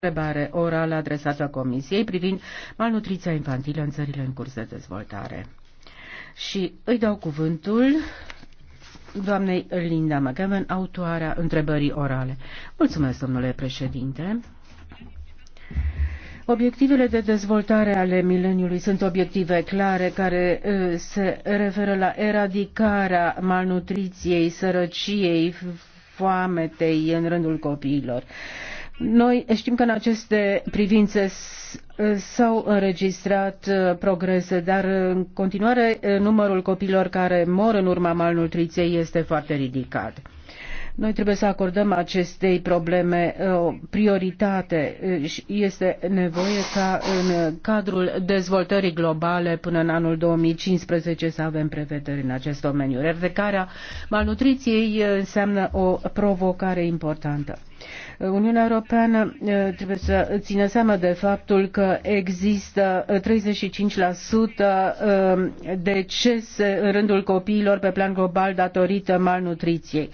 întrebare orală adresată Comisiei privind malnutriția infantilă în țările în curs de dezvoltare. Și îi dau cuvântul doamnei Linda McGavin, autoarea întrebării orale. Mulțumesc, domnule președinte. Obiectivele de dezvoltare ale mileniului sunt obiective clare care uh, se referă la eradicarea malnutriției, sărăciei, foametei în rândul copiilor. Noi știm că în aceste privințe s-au înregistrat uh, progrese, dar uh, în continuare uh, numărul copiilor care mor în urma malnutriției este foarte ridicat. Noi trebuie să acordăm acestei probleme o prioritate și este nevoie ca în cadrul dezvoltării globale până în anul 2015 să avem prevederi în acest domeniu. Revecarea malnutriției înseamnă o provocare importantă. Uniunea Europeană eh, trebuie să țină seama de faptul că există 35% eh, eh, decese în rândul copiilor pe plan global datorită malnutriției.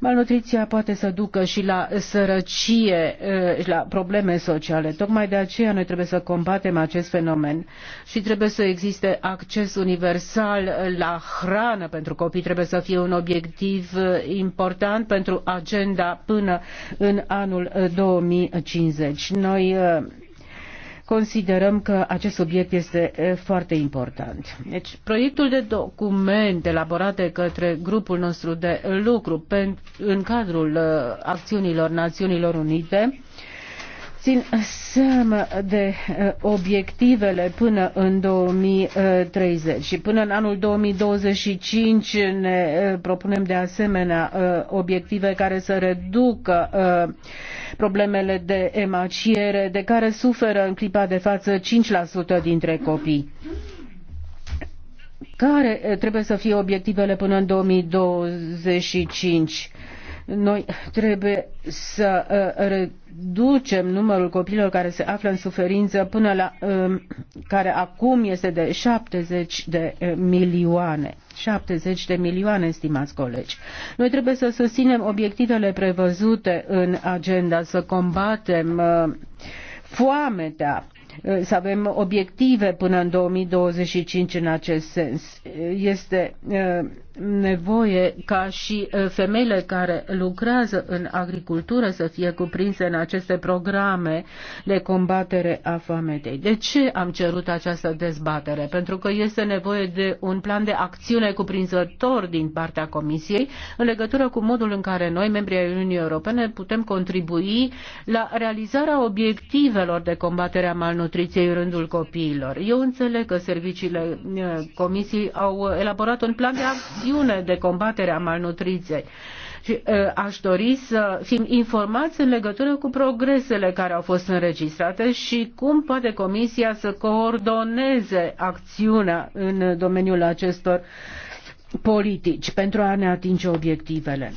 Malnutriția poate să ducă și la sărăcie, și la probleme sociale. Tocmai de aceea noi trebuie să combatem acest fenomen și trebuie să existe acces universal la hrană pentru copii. Trebuie să fie un obiectiv important pentru agenda până în anul 2050. Noi considerăm că acest subiect este foarte important. Deci, proiectul de document elaborat de către grupul nostru de lucru în cadrul acțiunilor Națiunilor Unite țin seama de uh, obiectivele până în 2030 și până în anul 2025 ne uh, propunem de asemenea uh, obiective care să reducă problemele de emaciere de care suferă în clipa de față 5% dintre copii. Care trebuie să fie obiectivele până în 2025? Noi trebuie să uh, reducem numărul copiilor care se află în suferință până la um, care acum este de 70 de uh, milioane. 70 de milioane, stimați colegi. Noi trebuie să susținem obiectivele prevăzute în agenda, să combatem uh, foametea, să avem obiective până în 2025 în acest sens. Este nevoie ca și uh, femeile care lucrează în agricultură să fie cuprinse în aceste programe de combatere a foametei. De ce am cerut această dezbatere? Pentru că este nevoie de un plan de acțiune cuprinzător din partea Comisiei în legătură cu modul în care noi, membrii ai Uniunii Europene, putem contribui la realizarea obiectivelor de combatere a malnutriției în rândul copiilor. Eu înțeleg că serviciile uh, Comisiei au elaborat un plan de acțiune acțiune de combatere a malnutriției. Și uh, aș dori să fim informați în legătură cu progresele care au fost înregistrate și cum poate Comisia să coordoneze acțiunea în domeniul acestor politici pentru a ne atinge obiectivele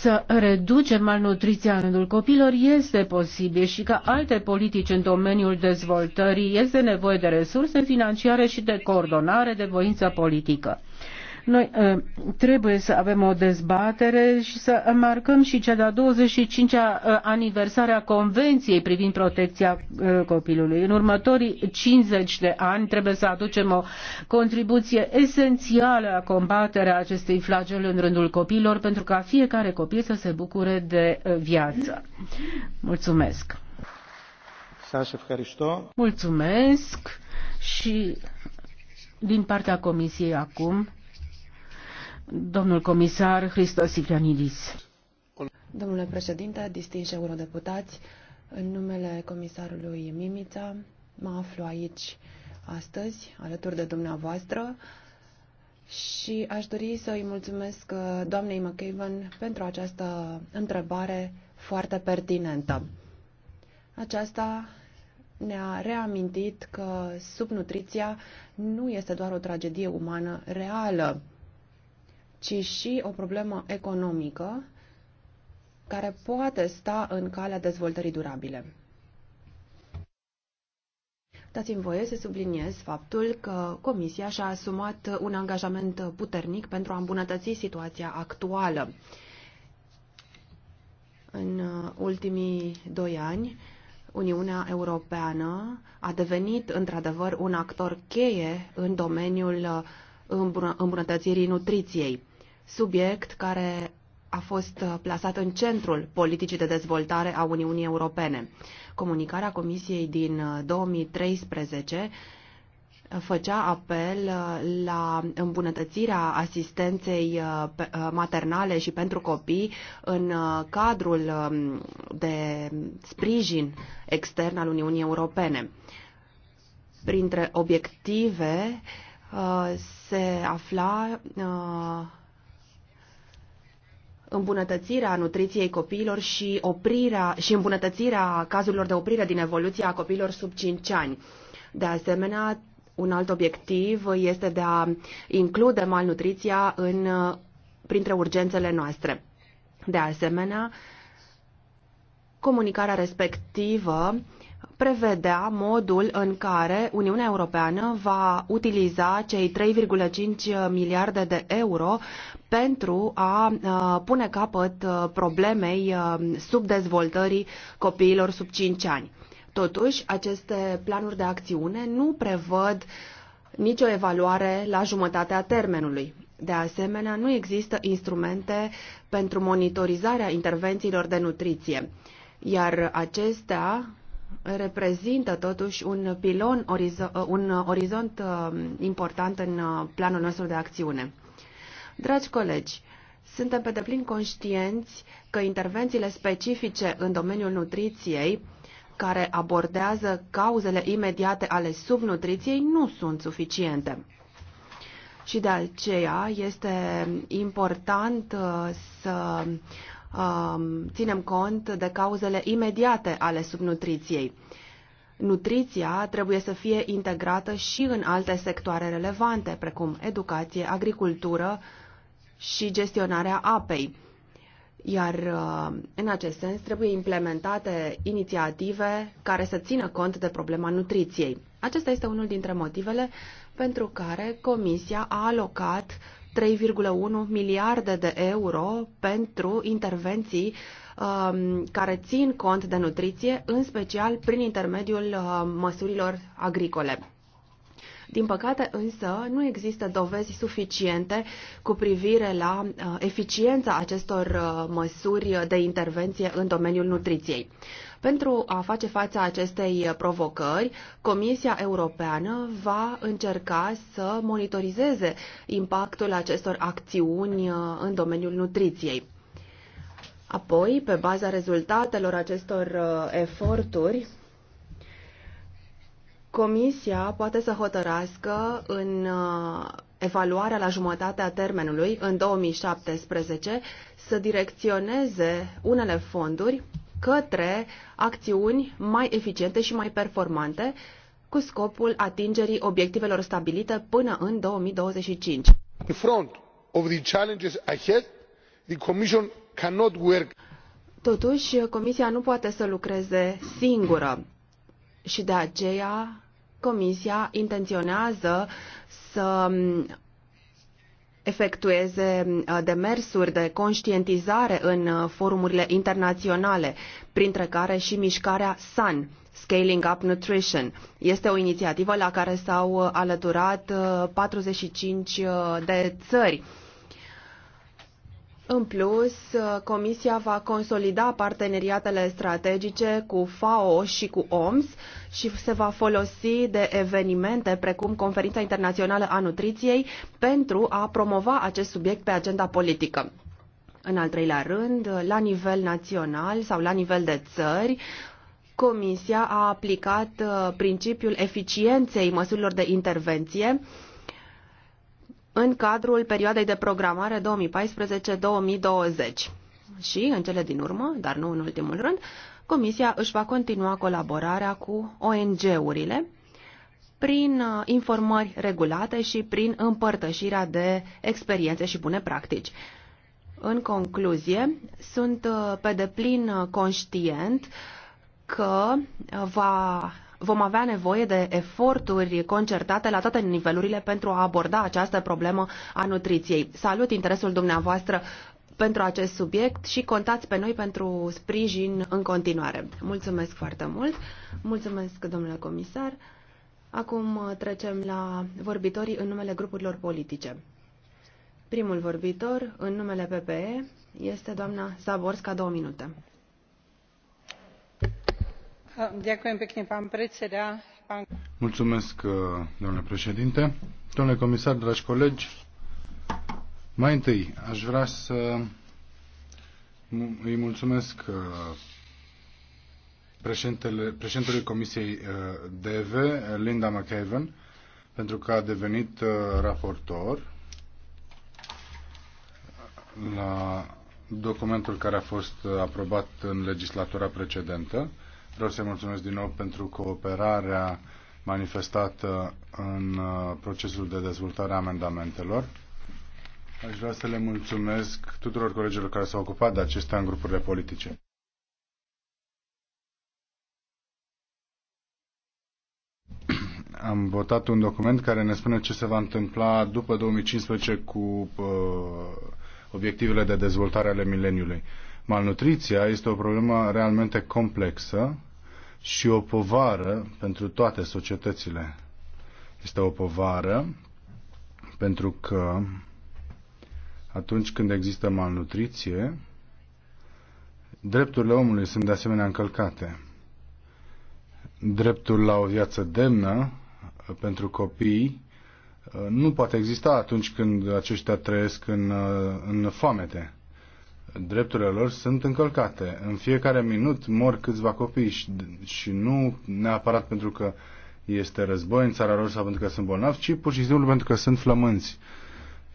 să reducem malnutriția în rândul copilor este posibil și ca alte politici în domeniul dezvoltării este nevoie de resurse financiare și de coordonare de voință politică. Noi ă, trebuie să avem o dezbatere și să marcăm și cea de-a 25-a ă, aniversare a Convenției privind protecția ă, copilului. În următorii 50 de ani trebuie să aducem o contribuție esențială la combaterea acestui flagel în rândul copiilor pentru ca fiecare copil să se bucure de viață. Mulțumesc! Mulțumesc și din partea Comisiei acum Domnul comisar Hristos Ivranidis. Domnule președinte, distinși eurodeputați, în numele comisarului Mimița mă aflu aici astăzi, alături de dumneavoastră, și aș dori să îi mulțumesc uh, doamnei McAven pentru această întrebare foarte pertinentă. Aceasta ne-a reamintit că subnutriția nu este doar o tragedie umană reală, ci și o problemă economică care poate sta în calea dezvoltării durabile. Dați-mi voie să subliniez faptul că Comisia și-a asumat un angajament puternic pentru a îmbunătăți situația actuală. În ultimii doi ani, Uniunea Europeană a devenit într-adevăr un actor cheie în domeniul îmbunătățirii nutriției subiect care a fost uh, plasat în centrul politicii de dezvoltare a Uniunii Europene. Comunicarea Comisiei din 2013 uh, uh, făcea apel la îmbunătățirea asistenței maternale și pentru copii în cadrul um, de sprijin extern al Uniunii Europene. Printre obiective se afla îmbunătățirea nutriției copiilor și, oprirea, și îmbunătățirea cazurilor de oprire din evoluția a copiilor sub 5 ani. De asemenea, un alt obiectiv este de a include malnutriția în, printre urgențele noastre. De asemenea, comunicarea respectivă prevedea modul în care Uniunea Europeană va utiliza cei 3,5 miliarde de euro pentru a pune capăt problemei subdezvoltării copiilor sub 5 ani. Totuși, aceste planuri de acțiune nu prevăd nicio evaluare la jumătatea termenului. De asemenea, nu există instrumente pentru monitorizarea intervențiilor de nutriție, iar acestea reprezintă totuși un pilon, un orizont uh, important în uh, planul nostru de acțiune. Dragi colegi, suntem pe deplin conștienți că intervențiile specifice în domeniul nutriției, care abordează cauzele imediate ale subnutriției, nu sunt suficiente. Și de aceea este important uh, să Um, ținem cont de cauzele imediate ale subnutriției. Nutriția trebuie să fie integrată și în alte sectoare relevante, precum educație, agricultură și gestionarea apei. Iar uh, în acest sens trebuie implementate inițiative care să țină cont de problema nutriției. Acesta este unul dintre motivele pentru care Comisia a alocat 3,1 miliarde de euro pentru intervenții um, care țin cont de nutriție, în special prin intermediul uh, măsurilor agricole. Din păcate însă nu există dovezi suficiente cu privire la uh, eficiența acestor uh, măsuri de intervenție în domeniul nutriției. Pentru a face fața acestei uh, provocări, Comisia Europeană va încerca să monitorizeze impactul acestor acțiuni uh, în domeniul nutriției. Apoi, pe baza rezultatelor acestor uh, eforturi, Comisia poate să hotărască în evaluarea la jumătatea termenului, în 2017, să direcționeze unele fonduri către acțiuni mai eficiente și mai performante cu scopul atingerii obiectivelor stabilite până în 2025. In front of the challenges ahead, the Commission cannot work. Totuși, Comisia nu poate să lucreze singură și de aceea Comisia intenționează să efectueze uh, demersuri de conștientizare în uh, forumurile internaționale, printre care și mișcarea SAN, Scaling Up Nutrition. Este o inițiativă la care s-au uh, alăturat 45 de țări în plus, Comisia va consolida parteneriatele strategice cu FAO și cu OMS și se va folosi de evenimente precum Conferința Internațională a Nutriției pentru a promova acest subiect pe agenda politică. În al treilea rând, la nivel național sau la nivel de țări, Comisia a aplicat uh, principiul eficienței măsurilor de intervenție în cadrul perioadei de programare 2014-2020. Și, în cele din urmă, dar nu în ultimul rând, Comisia își va continua colaborarea cu ONG-urile prin uh, informări regulate și prin împărtășirea de experiențe și bune practici. În concluzie, sunt uh, pe deplin uh, conștient că va vom avea nevoie de eforturi concertate la toate nivelurile pentru a aborda această problemă a nutriției. Salut interesul dumneavoastră pentru acest subiect și contați pe noi pentru sprijin în continuare. Mulțumesc foarte mult. Mulțumesc, domnule comisar. Acum uh, trecem la vorbitorii în numele grupurilor politice. Primul vorbitor, în numele PPE, este doamna Zaborska, două minute. Mulțumesc, uh, domnule președinte. Domnule comisar, dragi colegi, mai întâi aș vrea să îi mulțumesc uh, președintelui Comisiei uh, deve Linda mcavan pentru că a devenit raportor la documentul care a fost aprobat în legislatura precedentă Vreau să-i mulțumesc din nou pentru cooperarea manifestată în uh, procesul de dezvoltare a amendamentelor. Aș vrea să le mulțumesc tuturor colegilor care s-au ocupat de acestea în grupurile politice. Am votat un document care ne spune ce se va întâmpla după 2015 cu uh, obiectivele de dezvoltare ale mileniului. Malnutriția este o problemă realmente complexă și o povară pentru toate societățile. Este o povară pentru că atunci când există malnutriție, drepturile omului sunt de asemenea încălcate. Dreptul la o viață demnă uh, pentru copii uh, nu poate exista atunci când aceștia trăiesc în, uh, în foamete drepturile lor sunt încălcate. În fiecare minut mor câțiva copii și, și nu neapărat pentru că este război în țara lor sau pentru că sunt bolnavi, ci pur și simplu pentru că sunt flămânți.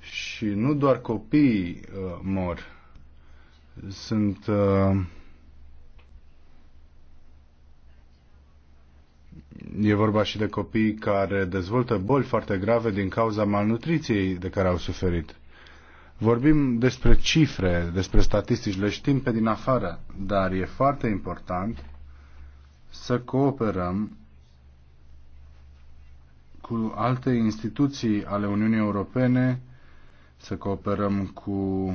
Și nu doar copiii uh, mor. Sunt uh, E vorba și de copii care dezvoltă boli foarte grave din cauza malnutriției de care au suferit. Vorbim despre cifre, despre statistici, le știm pe din afară, dar e foarte important să cooperăm cu alte instituții ale Uniunii Europene, să cooperăm cu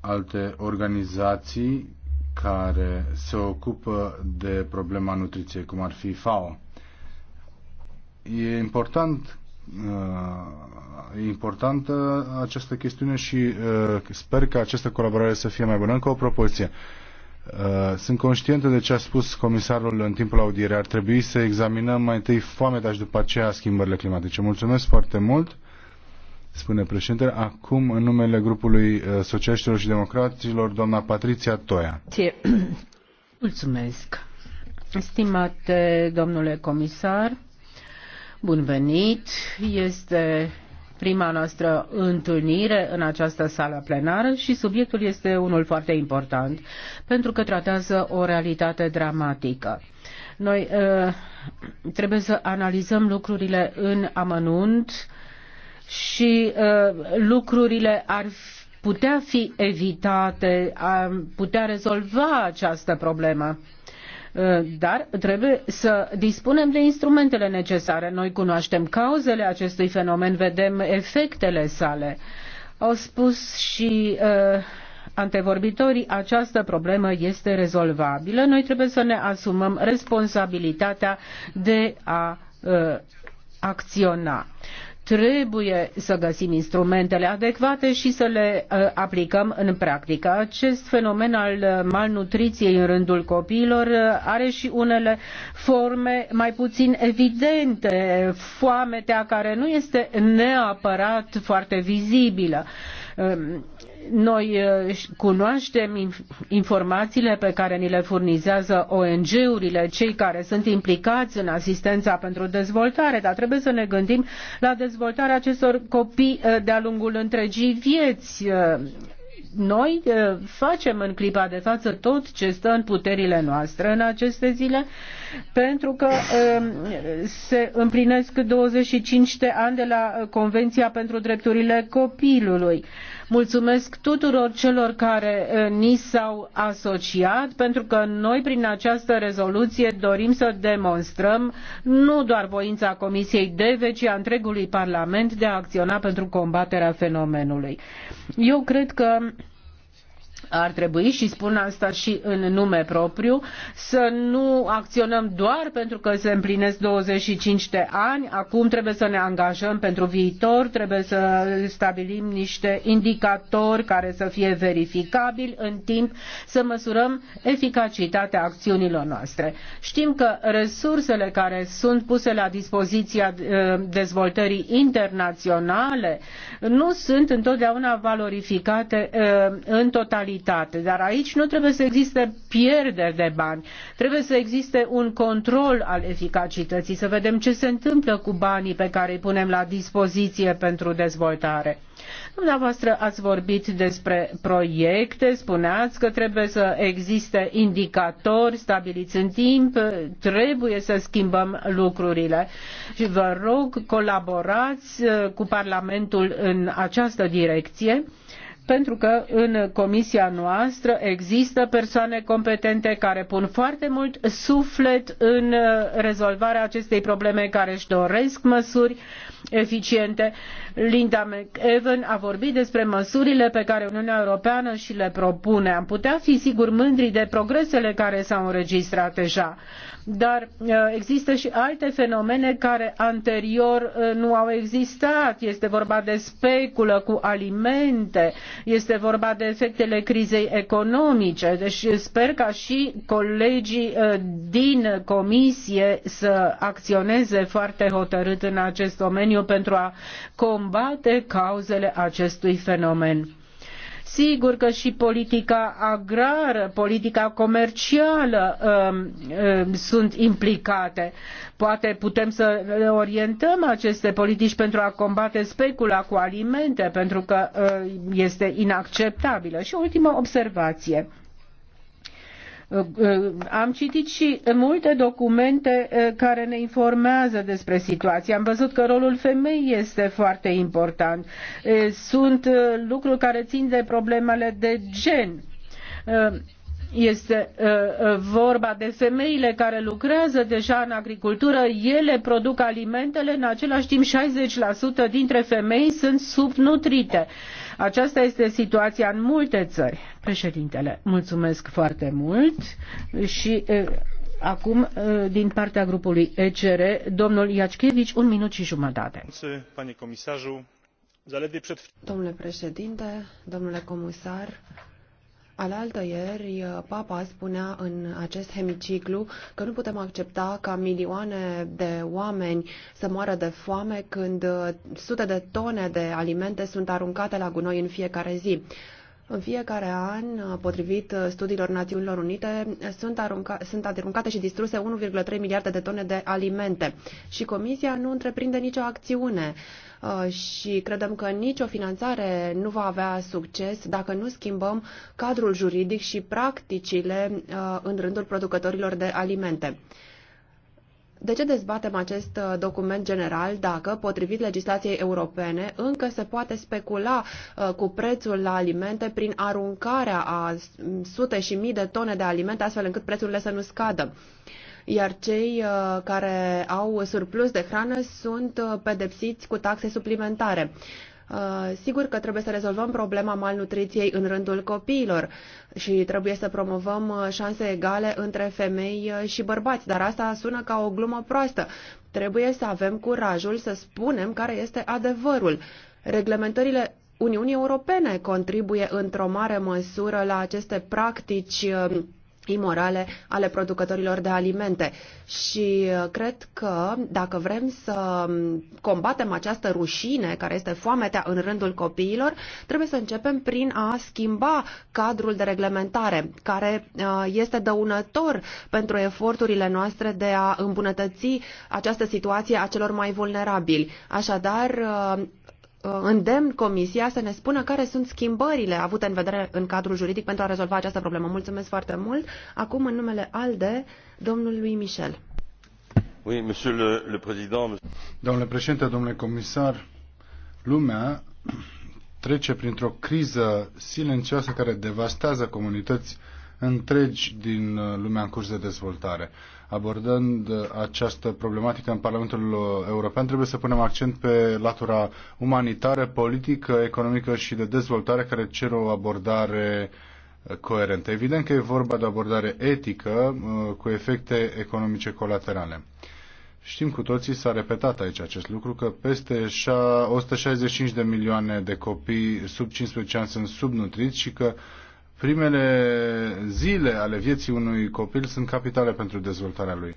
alte organizații care se ocupă de problema nutriției, cum ar fi FAO. E important e uh, importantă această chestiune și uh, sper că această colaborare să fie mai bună. Încă o propoziție. Uh, sunt conștientă de ce a spus comisarul în timpul audierei. Ar trebui să examinăm mai întâi foamea și după aceea schimbările climatice. Mulțumesc foarte mult, spune președintele. Acum, în numele grupului uh, Socialiștilor și Democraților, doamna Patriția Toia. Mulțumesc. Stimate domnule comisar, Bun venit! Este prima noastră întâlnire în această sală plenară și subiectul este unul foarte important pentru că tratează o realitate dramatică. Noi uh, trebuie să analizăm lucrurile în amănunt și uh, lucrurile ar putea fi evitate, ar putea rezolva această problemă. Eh, dar trebuie să dispunem de instrumentele necesare. Noi cunoaștem cauzele acestui fenomen, vedem efectele sale. Au spus și uh, antevorbitorii, această problemă este rezolvabilă. Noi trebuie să ne asumăm responsabilitatea de a uh, acționa trebuie să găsim instrumentele adecvate și să le uh, aplicăm în practică. Acest fenomen al malnutriției în rândul copiilor uh, are și unele forme mai puțin evidente, foametea care nu este neapărat foarte vizibilă um, noi uh, cunoaștem informațiile pe care ni le furnizează ONG-urile, cei care sunt implicați în asistența pentru dezvoltare, dar trebuie să ne gândim la dezvoltarea acestor copii uh, de-a lungul întregii vieți uh, noi facem în clipa de față tot ce stă în puterile noastre în aceste zile, pentru că um, se împlinesc 25 de ani de la Convenția pentru Drepturile Copilului. Mulțumesc tuturor celor care ni s-au asociat, pentru că noi prin această rezoluție dorim să demonstrăm nu doar voința Comisiei DEVE, ci a întregului Parlament de a acționa pentru combaterea fenomenului. Eu cred că ar trebui, și spun asta și în nume propriu, să nu acționăm doar pentru că se împlinesc 25 de ani, acum trebuie să ne angajăm pentru viitor, trebuie să stabilim niște indicatori care să fie verificabili în timp, să măsurăm eficacitatea acțiunilor noastre. Știm că resursele care sunt puse la dispoziția uh, dezvoltării internaționale nu sunt întotdeauna valorificate uh, în totalitate securitate, dar aici nu trebuie să existe pierderi de bani, trebuie să existe un control al eficacității, să vedem ce se întâmplă cu banii pe care îi punem la dispoziție pentru dezvoltare. Dumneavoastră ați vorbit despre proiecte, spuneați că trebuie să existe indicatori stabiliți în timp, trebuie să schimbăm lucrurile și vă rog colaborați uh, cu Parlamentul în această direcție pentru că în comisia noastră există persoane competente care pun foarte mult suflet în uh, rezolvarea acestei probleme, care își doresc măsuri eficiente Linda McEwan a vorbit despre măsurile pe care Uniunea Europeană și le propune. Am putea fi sigur mândri de progresele care s-au înregistrat deja, dar uh, există și alte fenomene care anterior uh, nu au existat. Este vorba de speculă cu alimente, este vorba de efectele crizei economice. Deci sper ca și colegii uh, din comisie să acționeze foarte hotărât în acest domeniu pentru a combate cauzele acestui fenomen. Sigur că și politica agrară, politica comercială um, um, sunt implicate. Poate putem să orientăm aceste politici pentru a combate specula cu alimente, pentru că uh, este inacceptabilă. Și ultima observație Uh, am citit și multe documente uh, care ne informează despre situație. Am văzut că rolul femeii este foarte important. Uh, sunt lucruri care țin de problemele de gen este uh, uh, vorba de femeile care lucrează deja în agricultură, ele produc alimentele, în același timp 60% dintre femei sunt subnutrite. Aceasta este situația în multe țări. Președintele, mulțumesc foarte mult și uh, acum din partea grupului ECR, domnul Iașchevici, un minut și jumătate. Domnule președinte, domnule comisar, Alaltă ieri, uh, Papa spunea în acest hemiciclu că nu putem accepta ca milioane de oameni să moară de foame când uh, sute de tone de alimente sunt aruncate la gunoi în fiecare zi. În fiecare an, uh, potrivit studiilor Națiunilor Unite, sunt, arunca, sunt aruncate și distruse 1,3 miliarde de tone de alimente și Comisia nu întreprinde nicio acțiune. Uh, Uh, și credem că nicio finanțare nu va avea succes dacă nu schimbăm cadrul juridic și practicile uh, în rândul producătorilor de alimente. De ce dezbatem acest uh, document general dacă, potrivit legislației europene, încă se poate specula cu prețul la alimente prin aruncarea a sute și mii de tone de alimente, astfel încât prețurile să nu scadă? iar cei uh, care au surplus de hrană sunt uh, pedepsiți cu taxe suplimentare. Uh, sigur că trebuie să rezolvăm problema malnutriției în rândul copiilor și trebuie să promovăm șanse egale între femei și bărbați, dar asta sună ca o glumă proastă. Trebuie să avem curajul să spunem care este adevărul. Reglementările Uniunii Europene contribuie într-o mare măsură la aceste practici um, imorale ale producătorilor de alimente. Și uh, cred că dacă vrem să um, combatem această rușine care este foametea în rândul copiilor, trebuie să începem prin a schimba cadrul de reglementare care uh, este dăunător pentru eforturile noastre de a îmbunătăți această situație a celor mai vulnerabili. Așadar, uh, Uh, îndemn Comisia să ne spună care sunt schimbările avute în vedere în cadrul juridic pentru a rezolva această problemă. Mulțumesc foarte mult. Acum, în numele ALDE, domnul lui Michel. Oui, monsieur le, le président. Domnule președinte, domnule comisar, lumea trece printr-o criză silențioasă care devastează comunități întregi din uh, lumea în curs de dezvoltare abordând această problematică în Parlamentul European, trebuie să punem accent pe latura umanitară, politică, economică și de dezvoltare care cer o abordare coerentă. Evident că e vorba de abordare etică uh, cu efecte economice colaterale. Știm cu toții, s-a repetat aici acest lucru, că peste 165 de milioane de copii sub 15 ani sunt subnutriți și că primele zile ale vieții unui copil sunt capitale pentru dezvoltarea lui.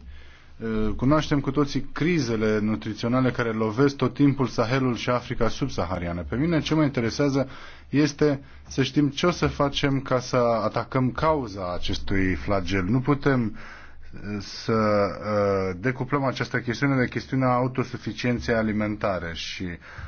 Uh, cunoaștem cu toții crizele nutriționale care lovesc tot timpul Sahelul și Africa subsahariană. Pe mine ce mă interesează este să știm ce o să facem ca să atacăm cauza acestui flagel. Nu putem uh, să uh, decuplăm această chestiune de chestiunea autosuficienței alimentare și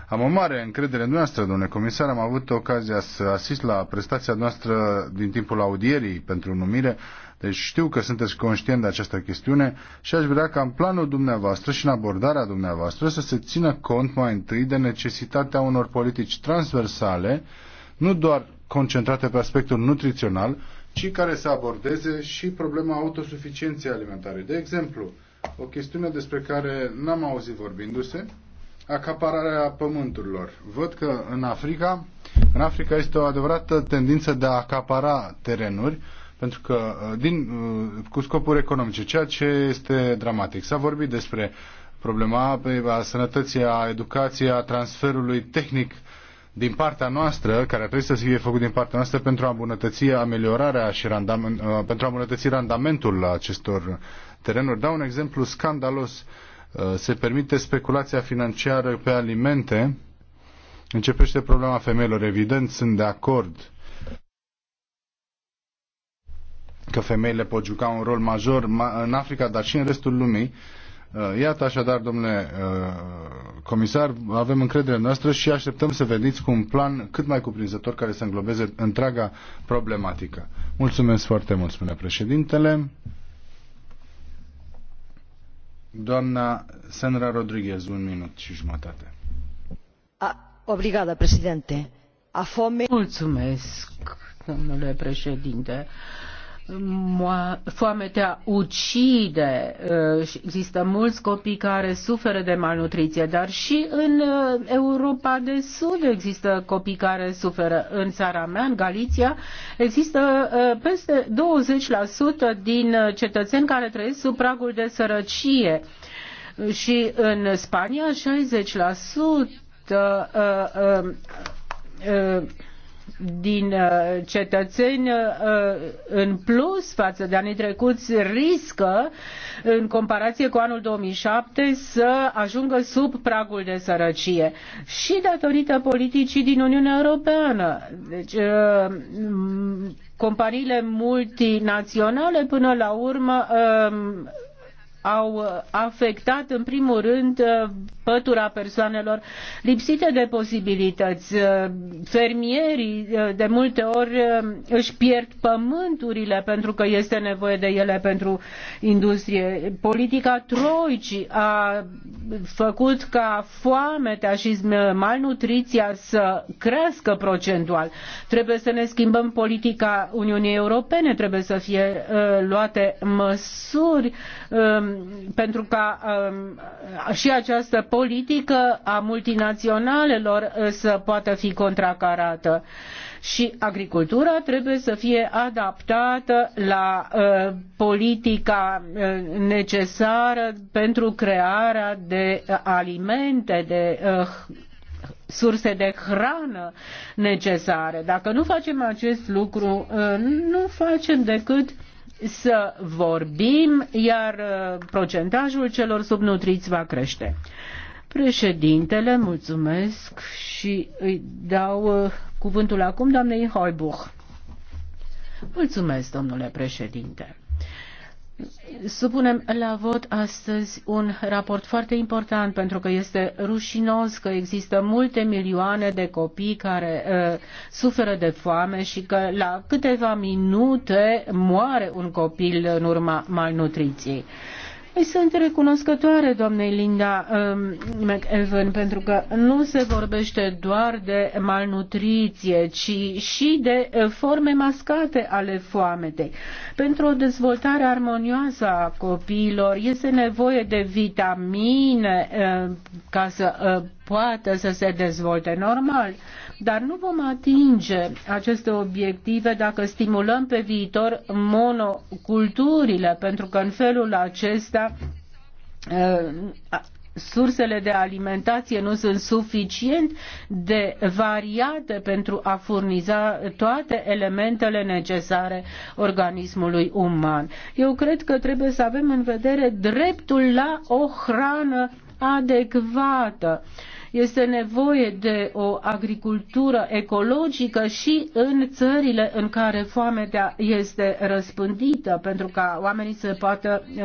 am o mare încredere în dumneavoastră, domnule comisar, am avut ocazia să asist la prestația noastră din timpul audierii pentru numire, deci știu că sunteți conștient de această chestiune și aș vrea ca în planul dumneavoastră și în abordarea dumneavoastră să se țină cont mai întâi de necesitatea unor politici transversale, nu doar concentrate pe aspectul nutrițional, ci care să abordeze și problema autosuficienței alimentare. De exemplu, o chestiune despre care n-am auzit vorbindu-se, acapararea pământurilor. Văd că în Africa, în Africa este o adevărată tendință de a acapara terenuri, pentru că uh, din, uh, cu scopuri economice, ceea ce este dramatic. S-a vorbit despre problema păi, a sănătății, a educației, a transferului tehnic din partea noastră, care ar trebui să fie făcut din partea noastră pentru a îmbunătăți ameliorarea și randament, uh, pentru a îmbunătăți randamentul acestor terenuri. Dau un exemplu scandalos. Uh, se permite speculația financiară pe alimente. Începește problema femeilor. Evident, sunt de acord că femeile pot juca un rol major în Africa, dar și în restul lumii Uh, iată așadar, domnule uh, comisar, avem încredere noastră și așteptăm să veniți cu un plan cât mai cuprinzător care să înglobeze întreaga problematică. Mulțumesc foarte mult, spune președintele. Doamna Sandra Rodriguez, un minut și jumătate. A, obrigada, președinte. A fome... Mulțumesc, domnule președinte foametea ucide uh, și există mulți copii care suferă de malnutriție, dar și în uh, Europa de Sud există copii care suferă. În țara mea, în Galiția, există uh, peste 20% din cetățeni care trăiesc sub pragul de sărăcie și în Spania 60% din uh, cetățeni uh, în plus față de anii trecuți riscă în comparație cu anul 2007 să ajungă sub pragul de sărăcie și datorită politicii din Uniunea Europeană. Deci uh, companiile multinaționale până la urmă au uh, afectat în primul rând uh, pătura persoanelor lipsite de posibilități. Uh, fermierii de multe ori își pierd pământurile pentru că este nevoie de ele pentru industrie. Politica troicii a făcut ca foametea și malnutriția să crească procentual. Trebuie să ne schimbăm politica Uniunii Europene, trebuie să fie uh, luate măsuri uh, pentru ca um, și această politică a multinaționalelor uh, să poată fi contracarată. Și agricultura trebuie să fie adaptată la uh, politica uh, necesară pentru crearea de alimente, de surse de hrană necesare. Dacă nu facem acest lucru, nu facem decât să vorbim, iar uh, procentajul celor subnutriți va crește. Președintele, mulțumesc și îi dau uh, cuvântul acum doamnei Hoibuch. Mulțumesc, domnule președinte. Supunem la vot astăzi un raport foarte important pentru că este rușinos că există multe milioane de copii care uh, suferă de foame și că la câteva minute moare un copil în urma malnutriției. Uh, îi păi sunt recunoscătoare doamnei Linda um, McEvan pentru că nu se vorbește doar de malnutriție, ci și de uh, forme mascate ale foametei. Pentru o dezvoltare armonioasă a copiilor este nevoie de vitamine uh, ca să uh, Poate să se dezvolte normal. Dar nu vom atinge aceste obiective dacă stimulăm pe viitor monoculturile, pentru că în felul acesta uh, sursele de alimentație nu sunt suficient de variate pentru a furniza toate elementele necesare organismului uman. Eu cred că trebuie să avem în vedere dreptul la o hrană adecvată. Uh, este nevoie de o agricultură ecologică și în țările în care foamea este răspândită, pentru ca oamenii să poată uh,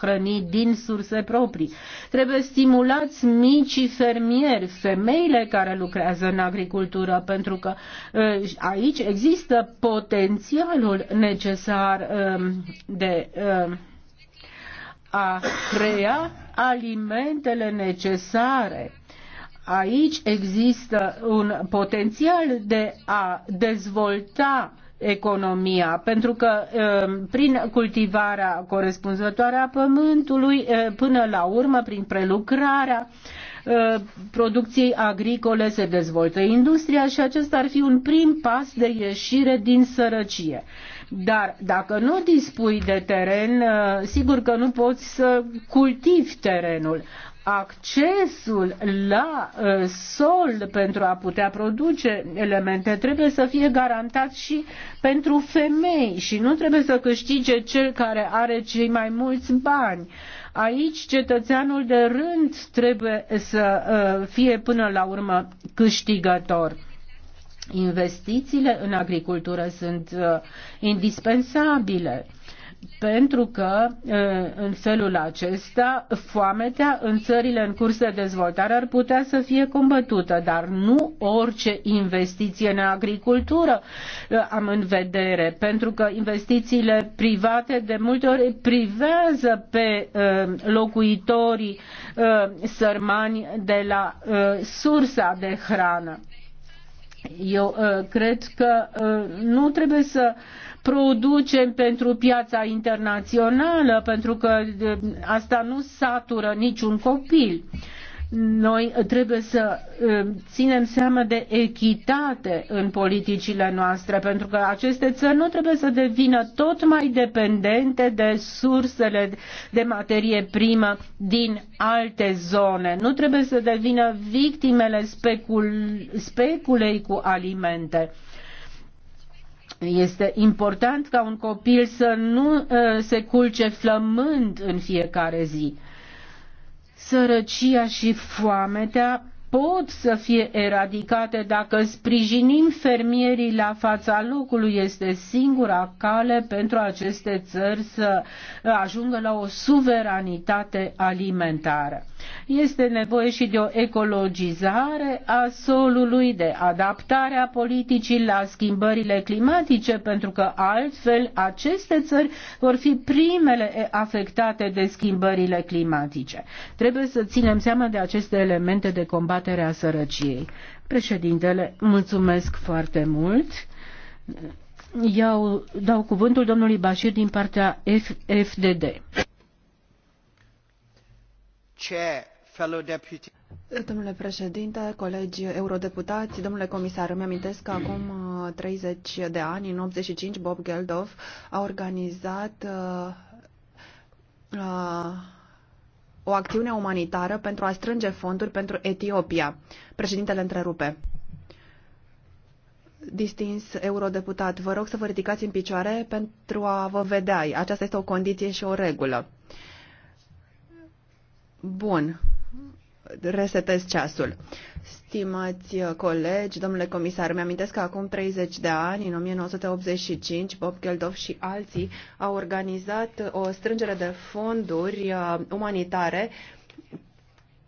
hrăni din surse proprii. Trebuie stimulați micii fermieri, femeile care lucrează în agricultură, pentru că uh, aici există potențialul necesar um, de um, a crea alimentele necesare Aici există un potențial de a dezvolta economia, pentru că um, prin cultivarea corespunzătoare a pământului, uh, până la urmă, prin prelucrarea uh, producției agricole se dezvoltă industria și acesta ar fi un prim pas de ieșire din sărăcie. Dar dacă nu dispui de teren, uh, sigur că nu poți să cultivi terenul accesul la uh, sol pentru a putea produce elemente trebuie să fie garantat și pentru femei și nu trebuie să câștige cel care are cei mai mulți bani. Aici cetățeanul de rând trebuie să uh, fie până la urmă câștigător. Investițiile în agricultură sunt uh, indispensabile pentru că în felul acesta foametea în țările în curs de dezvoltare ar putea să fie combătută, dar nu orice investiție în agricultură am în vedere, pentru că investițiile private de multe ori privează pe locuitorii sărmani de la sursa de hrană. Eu cred că nu trebuie să producem pentru piața internațională, pentru că asta nu satură niciun copil. Noi trebuie să ținem seama de echitate în politicile noastre, pentru că aceste țări nu trebuie să devină tot mai dependente de sursele de materie primă din alte zone. Nu trebuie să devină victimele specul, speculei cu alimente este important ca un copil să nu ă, se culce flămând în fiecare zi. Sărăcia și foametea pot să fie eradicate dacă sprijinim fermierii la fața locului. Este singura cale pentru aceste țări să ajungă la o suveranitate alimentară. Este nevoie și de o ecologizare a solului, de adaptarea politicii la schimbările climatice, pentru că altfel aceste țări vor fi primele afectate de schimbările climatice. Trebuie să ținem seama de aceste elemente de combat combaterea sărăciei. Președintele, mulțumesc foarte mult. Iau, dau cuvântul domnului Bașir din partea FDD. Ce fellow deputy. Domnule președinte, colegi eurodeputați, domnule comisar, îmi amintesc că acum 30 uh, de ani, în 85, Bob Geldof a organizat uh, uh, o acțiune umanitară pentru a strânge fonduri pentru Etiopia. Președintele întrerupe. Distins eurodeputat, vă rog să vă ridicați în picioare pentru a vă vedea. Aceasta este o condiție și o regulă. Bun resetez ceasul. Stimați uh, colegi, domnule comisar, mi-amintesc că acum 30 de ani, în 1985, Bob Geldof și alții au organizat uh, o strângere de fonduri uh, umanitare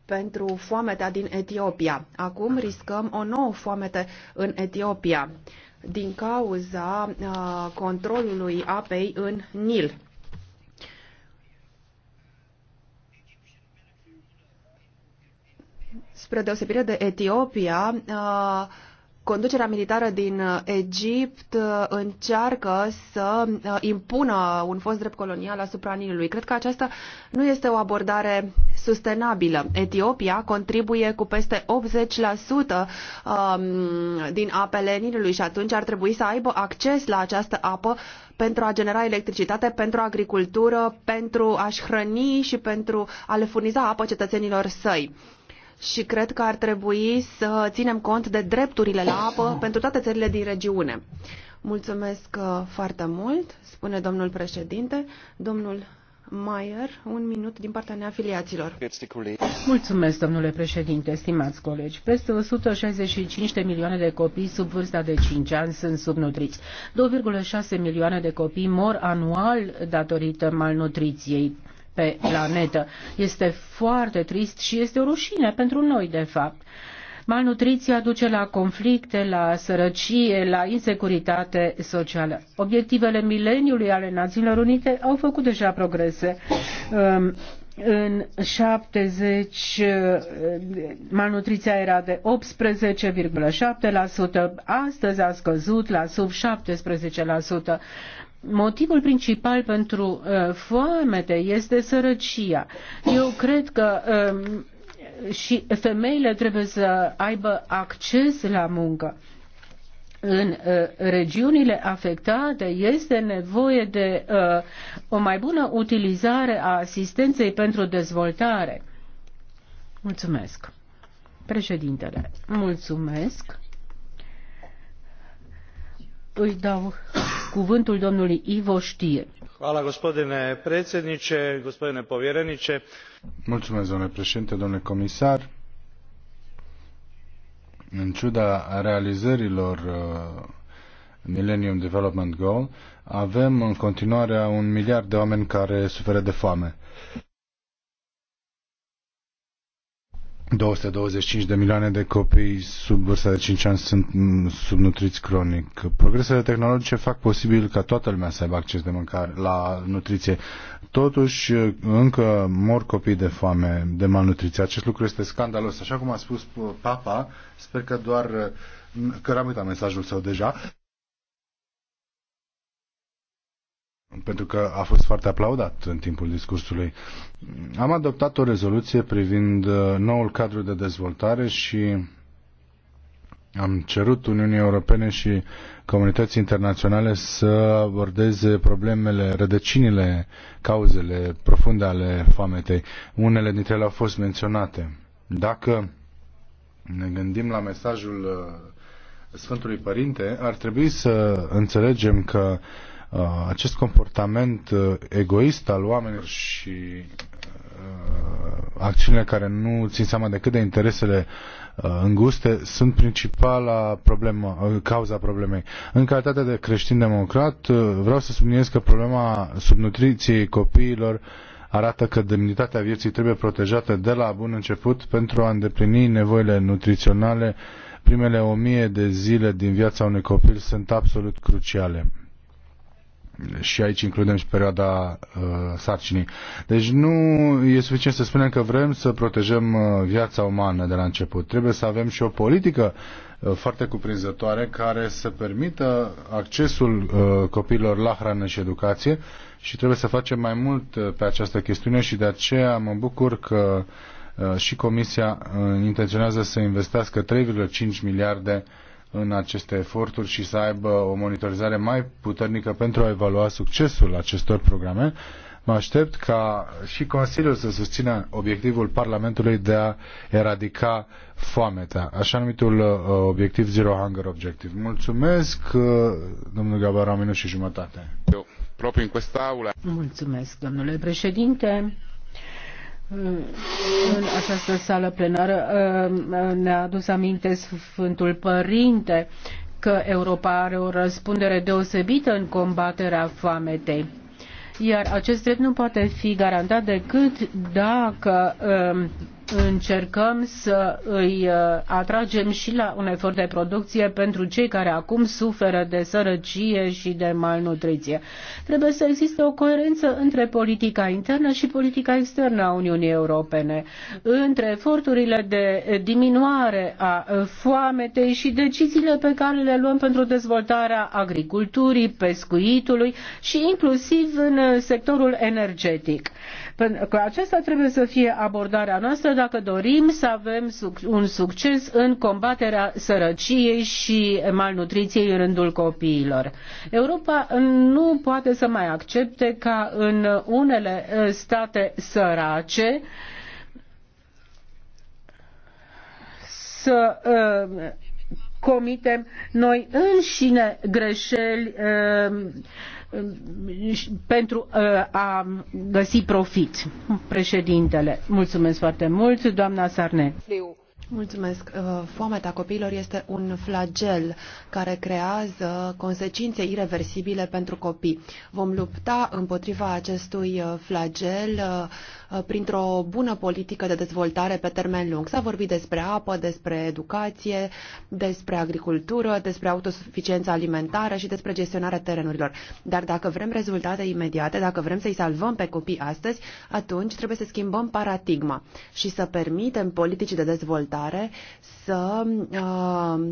pentru foametea din Etiopia. Acum riscăm o nouă foamete în Etiopia din cauza controlului apei în Nil spre deosebire de Etiopia, uh, conducerea militară din uh, Egipt uh, încearcă să impună un fost drept colonial asupra Nilului. Cred că aceasta nu este o abordare sustenabilă. Etiopia contribuie cu peste 80% um, din apele Nilului și atunci ar trebui să aibă acces la această apă pentru a genera electricitate, pentru agricultură, pentru a-și hrăni și pentru a le furniza apă cetățenilor săi și cred că ar trebui să ținem cont de drepturile la apă pentru toate țările din regiune. Mulțumesc uh, foarte mult, spune domnul președinte. Domnul Mayer, un minut din partea neafiliaților. Mulțumesc, domnule președinte, stimați colegi. Peste 165 de milioane de copii sub vârsta de 5 ani sunt subnutriți. 2,6 milioane de copii mor anual datorită malnutriției pe planetă. Este foarte trist și este o rușine pentru noi, de fapt. Malnutriția duce la conflicte, la sărăcie, la insecuritate socială. Obiectivele mileniului ale Națiunilor Unite au făcut deja progrese. Um, în 70 uh, malnutriția era de 18,7%, astăzi a scăzut la sub 17% motivul principal pentru uh, foamete este sărăcia. Eu cred că um, și femeile trebuie să aibă acces la muncă. În uh, regiunile afectate este nevoie de uh, o mai bună utilizare a asistenței pentru dezvoltare. Mulțumesc. Președintele, mulțumesc îi dau cuvântul domnului Ivo Știe. Hvala gospodine predsjedniče, gospodine povjereniče. Mulțumesc domnule președinte, domnule comisar. În ciuda realizărilor uh, Millennium Development Goal, avem în continuare un miliard de oameni care suferă de foame. 225 de milioane de copii sub vârsta de 5 ani sunt mm, subnutriți cronic. Progresele tehnologice fac posibil ca toată lumea să aibă acces de mâncare, la nutriție. Totuși, încă mor copii de foame, de malnutriție. Acest lucru este scandalos. Așa cum a spus Papa, sper că doar mm, că am uitat mesajul său deja, pentru că a fost foarte aplaudat în timpul discursului. Am adoptat o rezoluție privind uh, noul cadru de dezvoltare și am cerut Uniunii Europene și comunității internaționale să abordeze problemele, rădăcinile, cauzele profunde ale foametei. Unele dintre ele au fost menționate. Dacă ne gândim la mesajul uh, Sfântului Părinte, ar trebui să înțelegem că uh, Uh, acest comportament uh, egoist al oamenilor și uh, acțiunile care nu țin seama decât de interesele înguste sunt principala problemă, cauza problemei. În calitate de creștin-democrat vreau să subliniez că problema subnutriției copiilor arată că demnitatea vieții trebuie protejată de la bun început pentru a îndeplini nevoile nutriționale. Primele o mie de zile din viața unui copil sunt absolut cruciale și aici includem și perioada uh, sarcinii. Deci nu e suficient să spunem că vrem să protejăm uh, viața umană de la început. Trebuie să avem și o politică uh, foarte cuprinzătoare care să permită accesul uh, copiilor la hrană și educație și trebuie să facem mai mult uh, pe această chestiune și de aceea mă bucur că uh, și Comisia uh, intenționează să investească 3,5 miliarde uh, în aceste eforturi și să aibă o monitorizare mai puternică pentru a evalua succesul acestor programe. Mă aștept ca și Consiliul să susțină obiectivul Parlamentului de a eradica foametea, așa numitul uh, obiectiv Zero Hunger Objective. Mulțumesc, uh, domnul Gabar, o minut și jumătate. Eu, propriu în quest'aula. Mulțumesc, domnule președinte în această sală plenară uh, uh, ne-a adus aminte Sfântul Părinte că Europa are o răspundere deosebită în combaterea foametei. Iar acest drept nu poate fi garantat decât dacă uh, încercăm să îi uh, atragem și la un efort de producție pentru cei care acum suferă de sărăcie și de malnutriție. Trebuie să existe o coerență între politica internă și politica externă a Uniunii Europene, între eforturile de diminuare a foametei și deciziile pe care le luăm pentru dezvoltarea agriculturii, pescuitului și inclusiv în sectorul energetic. Pentru că acesta trebuie să fie abordarea noastră dacă dorim să avem un succes în combaterea sărăciei și malnutriției în rândul copiilor. Europa nu poate să mai accepte ca în unele state sărace să uh, comitem noi înșine greșeli uh, pentru uh, a găsi profit. Președintele, mulțumesc foarte mult, doamna Sarne. Mulțumesc. Uh, foamea copiilor este un flagel care creează consecințe irreversibile pentru copii. Vom lupta împotriva acestui uh, flagel Uh, printr-o bună politică de dezvoltare pe termen lung. S-a vorbit despre apă, despre educație, despre agricultură, despre autosuficiență alimentară și despre gestionarea terenurilor. Dar dacă vrem rezultate imediate, dacă vrem să-i salvăm pe copii astăzi, atunci trebuie să schimbăm paradigma și să permitem politicii de dezvoltare să uh,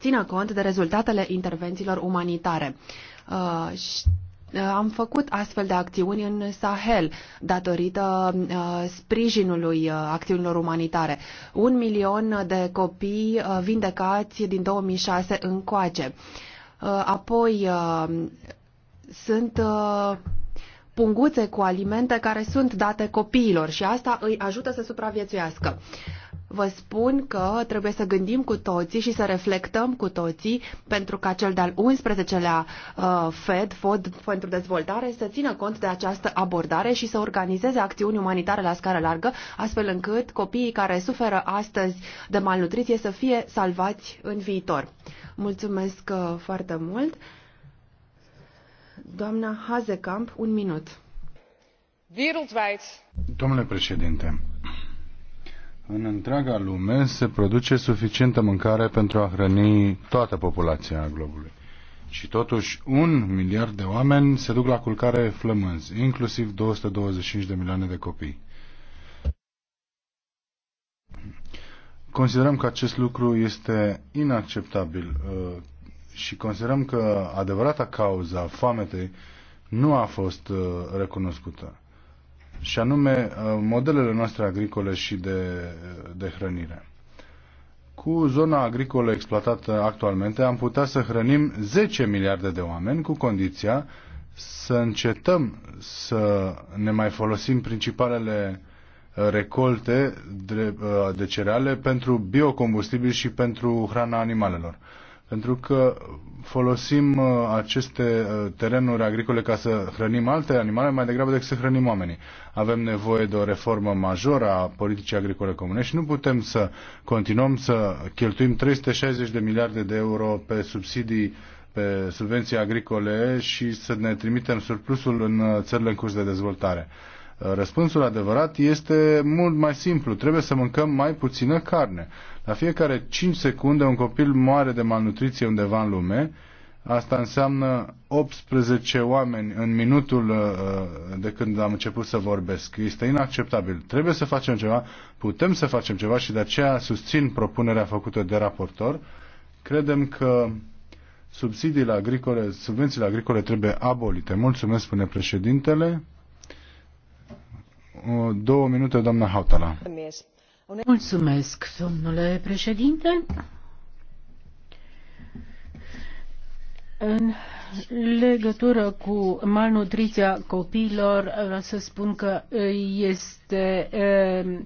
țină cont de rezultatele intervențiilor umanitare. Uh, Uh, am făcut astfel de acțiuni în Sahel datorită uh, sprijinului uh, acțiunilor umanitare. Un milion de copii vindecați din 2006 încoace. Apoi sunt punguțe cu alimente care sunt date copiilor și asta îi ajută să supraviețuiască vă spun că trebuie să gândim cu toții și să reflectăm cu toții pentru ca cel de-al 11-lea uh, Fed, FOD pentru Dezvoltare, să țină cont de această abordare și să organizeze acțiuni umanitare la scară largă, astfel încât copiii care suferă astăzi de malnutriție să fie salvați în viitor. Mulțumesc uh, foarte mult. Doamna Hazekamp, un minut. Domnule președinte, în întreaga lume se produce suficientă mâncare pentru a hrăni toată populația globului. Și totuși, un miliard de oameni se duc la culcare flămânzi, inclusiv 225 de milioane de copii. Considerăm că acest lucru este inacceptabil uh, și considerăm că adevărata cauza foametei nu a fost uh, recunoscută și anume uh, modelele noastre agricole și de, de hrănire. Cu zona agricolă exploatată actualmente am putea să hrănim 10 miliarde de oameni cu condiția să încetăm să ne mai folosim principalele uh, recolte de, uh, de cereale pentru biocombustibili și pentru hrana animalelor pentru că folosim uh, aceste uh, terenuri agricole ca să hrănim alte animale mai degrabă decât să hrănim oamenii. Avem nevoie de o reformă majoră a politicii agricole comune și nu putem să continuăm să cheltuim 360 de miliarde de euro pe subsidii pe subvenții agricole și să ne trimitem surplusul în uh, țările în curs de dezvoltare. Răspunsul adevărat este mult mai simplu. Trebuie să mâncăm mai puțină carne. La fiecare 5 secunde un copil moare de malnutriție undeva în lume. Asta înseamnă 18 oameni în minutul uh, de când am început să vorbesc. Este inacceptabil. Trebuie să facem ceva, putem să facem ceva și de aceea susțin propunerea făcută de raportor. Credem că subsidiile agricole, subvențiile agricole trebuie abolite. Mulțumesc, spune președintele. Uh, două minute, doamna Hautala. Mulțumesc, domnule președinte. În legătură cu malnutriția copiilor, vreau să spun că este uh,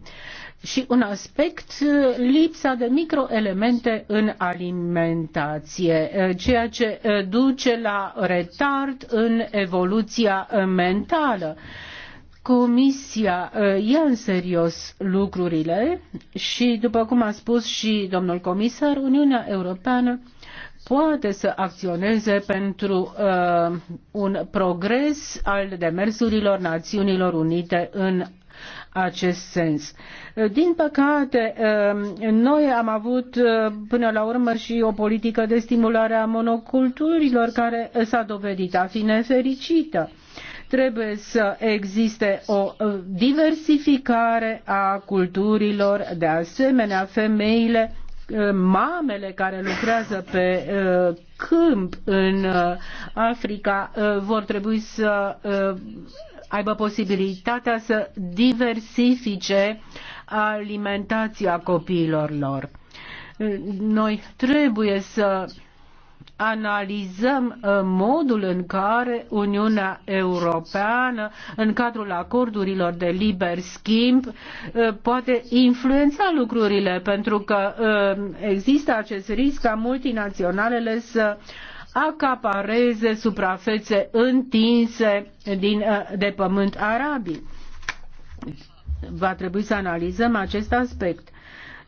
și un aspect uh, lipsa de microelemente în alimentație, ceea ce duce la retard în evoluția mentală Comisia uh, ia în serios lucrurile și, după cum a spus și domnul comisar, Uniunea Europeană poate să acționeze pentru uh, un progres al demersurilor Națiunilor Unite în acest sens. Uh, din păcate, uh, noi am avut până la urmă și o politică de stimulare a monoculturilor care s-a dovedit a fi nefericită. Trebuie să existe o uh, diversificare a culturilor, de asemenea femeile uh, mamele care lucrează pe uh, câmp în Africa vor trebui să aibă posibilitatea să diversifice alimentația copiilor lor. Noi trebuie să analizăm uh, modul în care Uniunea Europeană, în cadrul acordurilor de liber schimb, uh, poate influența lucrurile, pentru că uh, există acest risc ca multinaționalele să acapareze suprafețe întinse din, de pământ arabii. Va trebui să analizăm acest aspect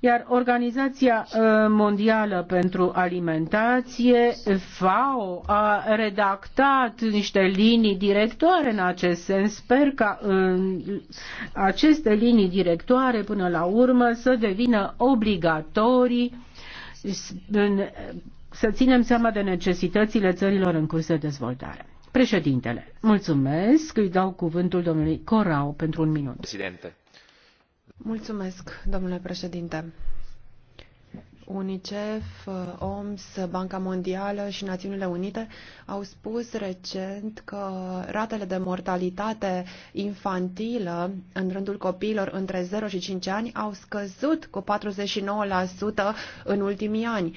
iar Organizația uh, Mondială pentru Alimentație, FAO, a redactat niște linii directoare în acest sens. Sper ca uh, aceste linii directoare până la urmă să devină obligatorii să ținem seama de necesitățile țărilor în curs de dezvoltare. Președintele, mulțumesc, îi dau cuvântul domnului Corau pentru un minut. Președinte. Mulțumesc, domnule președinte. UNICEF, OMS, Banca Mondială și Națiunile Unite au spus recent că ratele de mortalitate infantilă în rândul copiilor între 0 și 5 ani au scăzut cu 49% în ultimii ani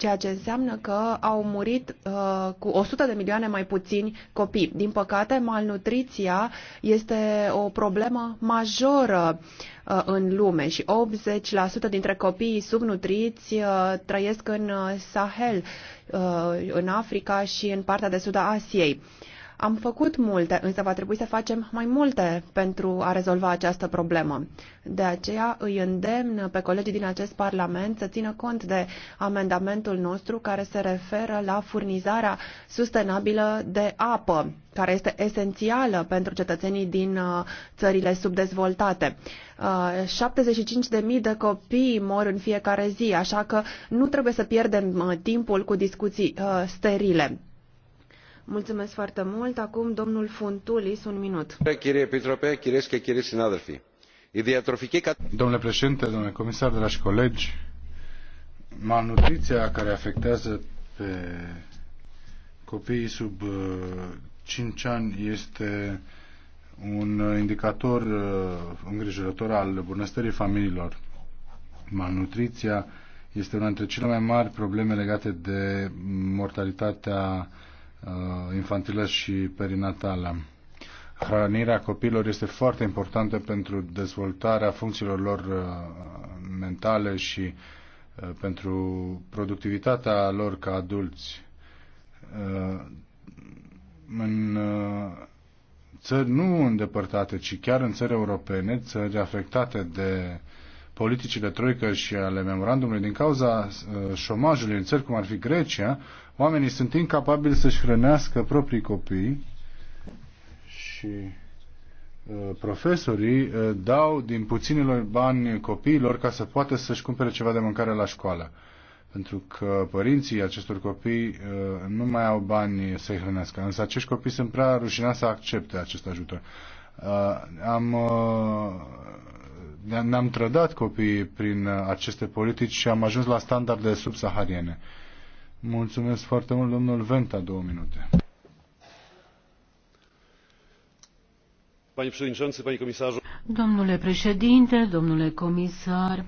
ceea ce înseamnă că au murit uh, cu 100 de milioane mai puțini copii. Din păcate, malnutriția este o problemă majoră uh, în lume și 80% dintre copiii subnutriți uh, trăiesc în uh, Sahel, uh, în Africa și în partea de sud a Asiei. Uh, am făcut multe, însă va trebui să facem mai multe pentru a rezolva această problemă. De aceea îi îndemn pe colegii din acest Parlament să țină cont de amendamentul nostru care se referă la furnizarea sustenabilă de apă, care este esențială pentru cetățenii din uh, țările subdezvoltate. 75.000 uh, de copii mor în fiecare zi, așa că nu trebuie să pierdem uh, timpul cu discuții sterile Mulțumesc foarte mult. Acum domnul Funtulis, un minut. Domnule președinte, domnule comisar, dragi colegi, malnutriția care afectează pe copiii sub 5 uh, ani este un uh, indicator uh, îngrijorător al bunăstării familiilor. Malnutriția este una dintre cele mai mari probleme legate de mortalitatea Uh, infantilă și perinatală. Hrănirea copiilor este foarte importantă pentru dezvoltarea funcțiilor lor uh, mentale și uh, pentru productivitatea lor ca adulți. În țări nu îndepărtate, ci chiar în țări europene, țări afectate de politicile troică și ale memorandumului, din cauza uh, șomajului în țări cum ar fi Grecia, oamenii sunt incapabili să-și hrănească proprii copii și uh, profesorii uh, dau din puținilor bani copiilor ca să poată să-și cumpere ceva de mâncare la școală. Pentru că părinții acestor copii nu mai au bani să-i hrănească. Însă acești copii sunt prea rușinați să accepte acest ajutor. Am ne-am trădat copiii prin uh, aceste politici și am ajuns la standarde subsahariene. Mulțumesc foarte mult, domnul Venta, două minute. Domnule președinte, domnule comisar,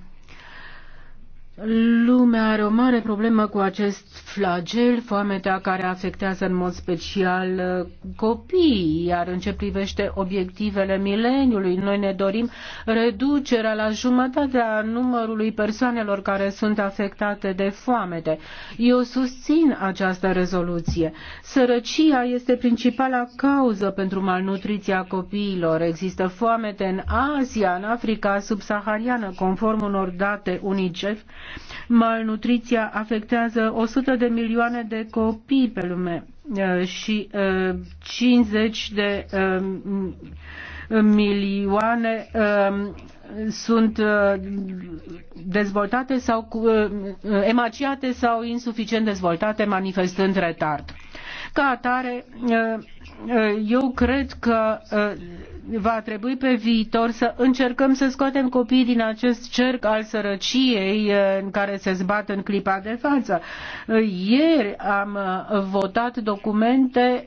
Lumea are o mare problemă cu acest flagel, foamea care afectează în mod special uh, copiii, iar în ce privește obiectivele mileniului, noi ne dorim reducerea la jumătatea numărului persoanelor care sunt afectate de foamete. Eu susțin această rezoluție. Sărăcia este principala cauză pentru malnutriția copiilor. Există foamete în Asia, în Africa subsahariană, conform unor date UNICEF Malnutriția afectează 100 de milioane de copii pe lume uh, și 50 uh, de um, milioane um, sunt uh, dezvoltate sau emaciate sau insuficient dezvoltate, manifestând retard. Ca atare, eu cred că va trebui pe viitor să încercăm să scoatem copiii din acest cerc al sărăciei uh, în care se zbat în clipa de față. Uh, ieri am uh, votat documente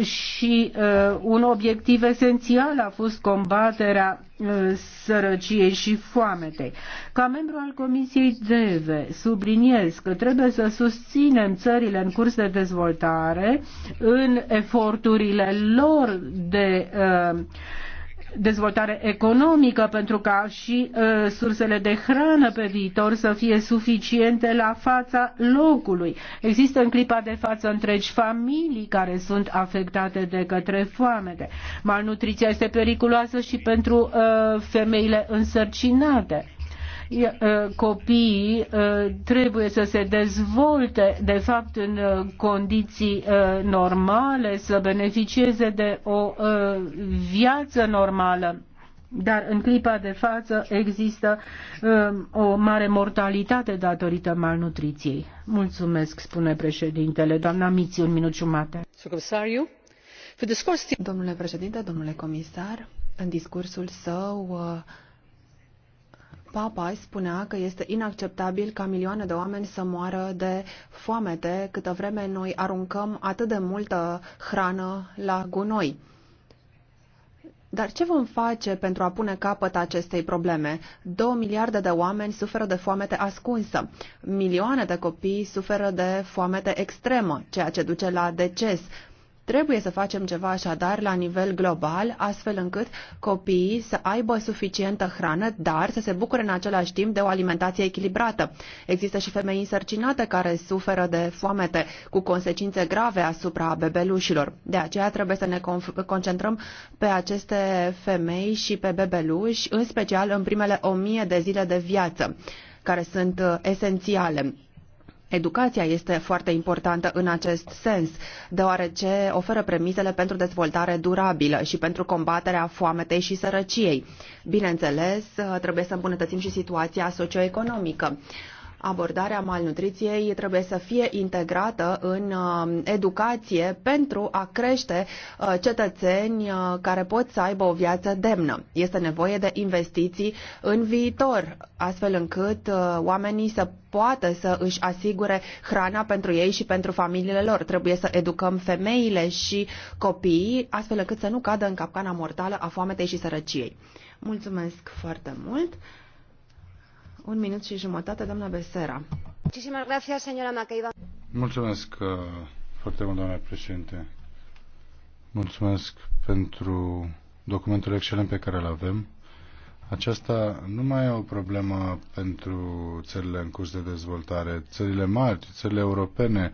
și un obiectiv esențial a fost combaterea sărăciei și foametei. Ca membru al Comisiei DEVE subliniez că trebuie să susținem țările în curs de dezvoltare în eforturile lor de uh, Uh, dezvoltare economică pentru ca și uh, sursele de hrană pe viitor să fie suficiente la fața locului. Există în clipa de față întregi familii care sunt afectate de către foamete. Malnutriția este periculoasă și pentru uh, femeile însărcinate Uh, copiii uh, trebuie să se dezvolte, de fapt, în uh, condiții normale, să beneficieze de o viață normală. Dar în clipa de față există o mare mortalitate datorită malnutriției. Mulțumesc, spune președintele. Doamna Miți, un minut jumate. Domnule președinte, domnule comisar, în discursul său uh, Papa spunea că este inacceptabil ca milioane de oameni să moară de foamete câtă vreme noi aruncăm atât de multă hrană la gunoi. Dar ce vom face pentru a pune capăt acestei probleme? Două miliarde de oameni suferă de foamete ascunsă. Milioane de copii suferă de foamete extremă, ceea ce duce la deces, Trebuie să facem ceva așadar la nivel global, astfel încât copiii să aibă suficientă hrană, dar să se bucure în același timp de o alimentație echilibrată. Există și femei însărcinate care suferă de foamete, cu consecințe grave asupra bebelușilor. De aceea trebuie să ne concentrăm pe aceste femei și pe bebeluși, în special în primele o mie de zile de viață, care sunt uh, esențiale Educația este foarte importantă în acest sens, deoarece oferă premisele pentru dezvoltare durabilă și pentru combaterea foametei și sărăciei. Bineînțeles, trebuie să îmbunătățim și situația socioeconomică abordarea malnutriției trebuie să fie integrată în um, educație pentru a crește uh, cetățeni uh, care pot să aibă o viață demnă. Este nevoie de investiții în viitor, astfel încât uh, oamenii să poată să își asigure hrana pentru ei și pentru familiile lor. Trebuie să educăm femeile și copiii, astfel încât să nu cadă în capcana mortală a foametei și sărăciei. Mulțumesc foarte mult! Un minut și jumătate, Mulțumesc uh, foarte mult, doamna președinte. Mulțumesc pentru documentul excelent pe care îl avem. Aceasta nu mai e o problemă pentru țările în curs de dezvoltare. Țările mari, țările europene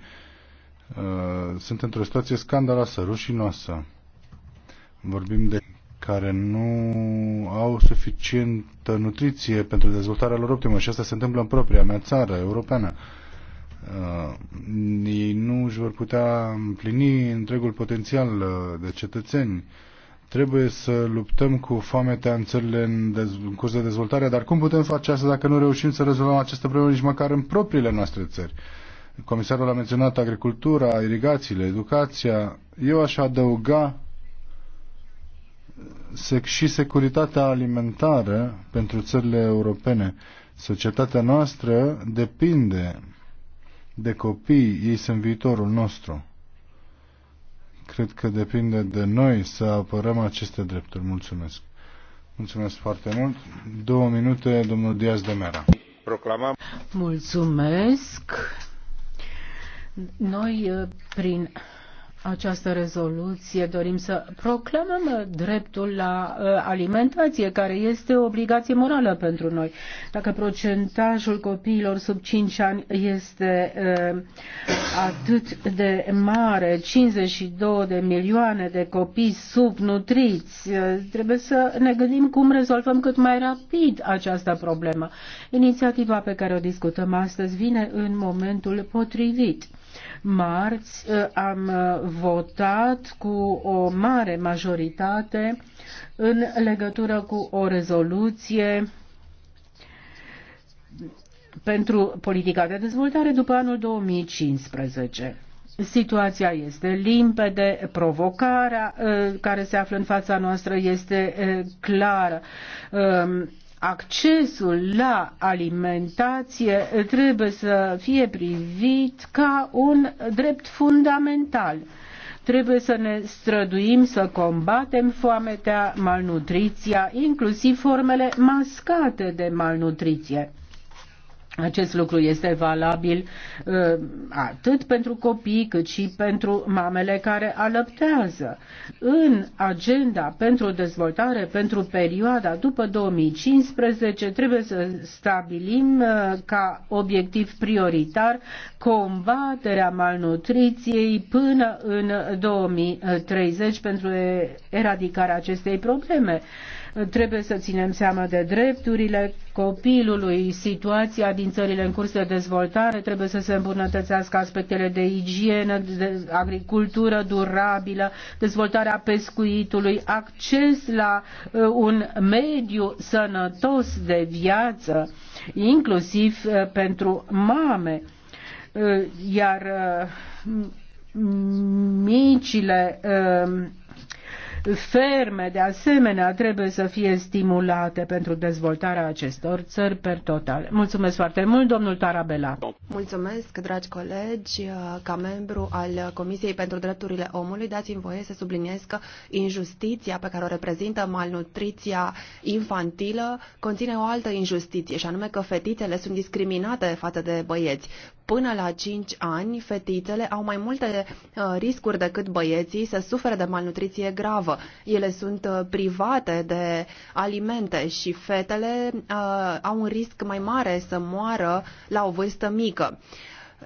uh, sunt într-o situație scandaloasă, rușinoasă. Vorbim de care nu au suficientă nutriție pentru dezvoltarea lor optimă și asta se întâmplă în propria mea țară europeană. Uh, ei nu își vor putea împlini întregul potențial uh, de cetățeni. Trebuie să luptăm cu foametea în țările în, dez- în curs de dezvoltare, dar cum putem face asta dacă nu reușim să rezolvăm aceste probleme nici măcar în propriile noastre țări? Comisarul a menționat agricultura, irigațiile, educația. Eu aș adăuga sec și securitatea alimentară pentru țările europene. Societatea noastră depinde de copii, ei sunt viitorul nostru. Cred că depinde de noi să apărăm aceste drepturi. Mulțumesc. Mulțumesc foarte mult. Două minute, domnul Diaz de Mera. Proclamam. Mulțumesc. Noi, prin această rezoluție dorim să proclamăm uh, dreptul la uh, alimentație, care este o obligație morală pentru noi. Dacă procentajul copiilor sub 5 ani este uh, atât de mare, 52 de milioane de copii subnutriți, trebuie să ne gândim cum rezolvăm cât mai rapid această problemă. Inițiativa pe care o discutăm astăzi vine în momentul potrivit Marți ă, am ă, votat cu o mare majoritate în legătură cu o rezoluție pentru politica de dezvoltare după anul 2015. Situația este limpede, provocarea uh, care se află în fața noastră este uh, clară um, accesul la alimentație uh, trebuie să fie privit ca un drept fundamental. Trebuie să ne străduim să combatem foametea, malnutriția, inclusiv formele mascate de malnutriție. Acest lucru este valabil uh, atât pentru copii cât și pentru mamele care alăptează. În agenda pentru dezvoltare, pentru perioada după 2015, trebuie să stabilim uh, ca obiectiv prioritar combaterea malnutriției până în 2030 pentru eradicarea acestei probleme. Trebuie să ținem seama de drepturile copilului, situația din țările în curs de dezvoltare, trebuie să se îmbunătățească aspectele de igienă, de agricultură durabilă, dezvoltarea pescuitului, acces la uh, un mediu sănătos de viață, inclusiv uh, pentru mame. Uh, iar micile Ferme, de asemenea, trebuie să fie stimulate pentru dezvoltarea acestor țări per total. Mulțumesc foarte mult, domnul Tarabela. Mulțumesc, dragi colegi. Uh, ca membru al Comisiei pentru Drepturile Omului, dați-mi voie să subliniez că injustiția pe care o reprezintă malnutriția infantilă conține o altă injustiție, și anume că fetițele sunt discriminate față de băieți. Până la 5 ani, fetițele au mai multe uh, riscuri decât băieții să sufere de malnutriție gravă. Ele sunt uh, private de alimente și fetele uh, au un risc mai mare să moară la o vârstă mică.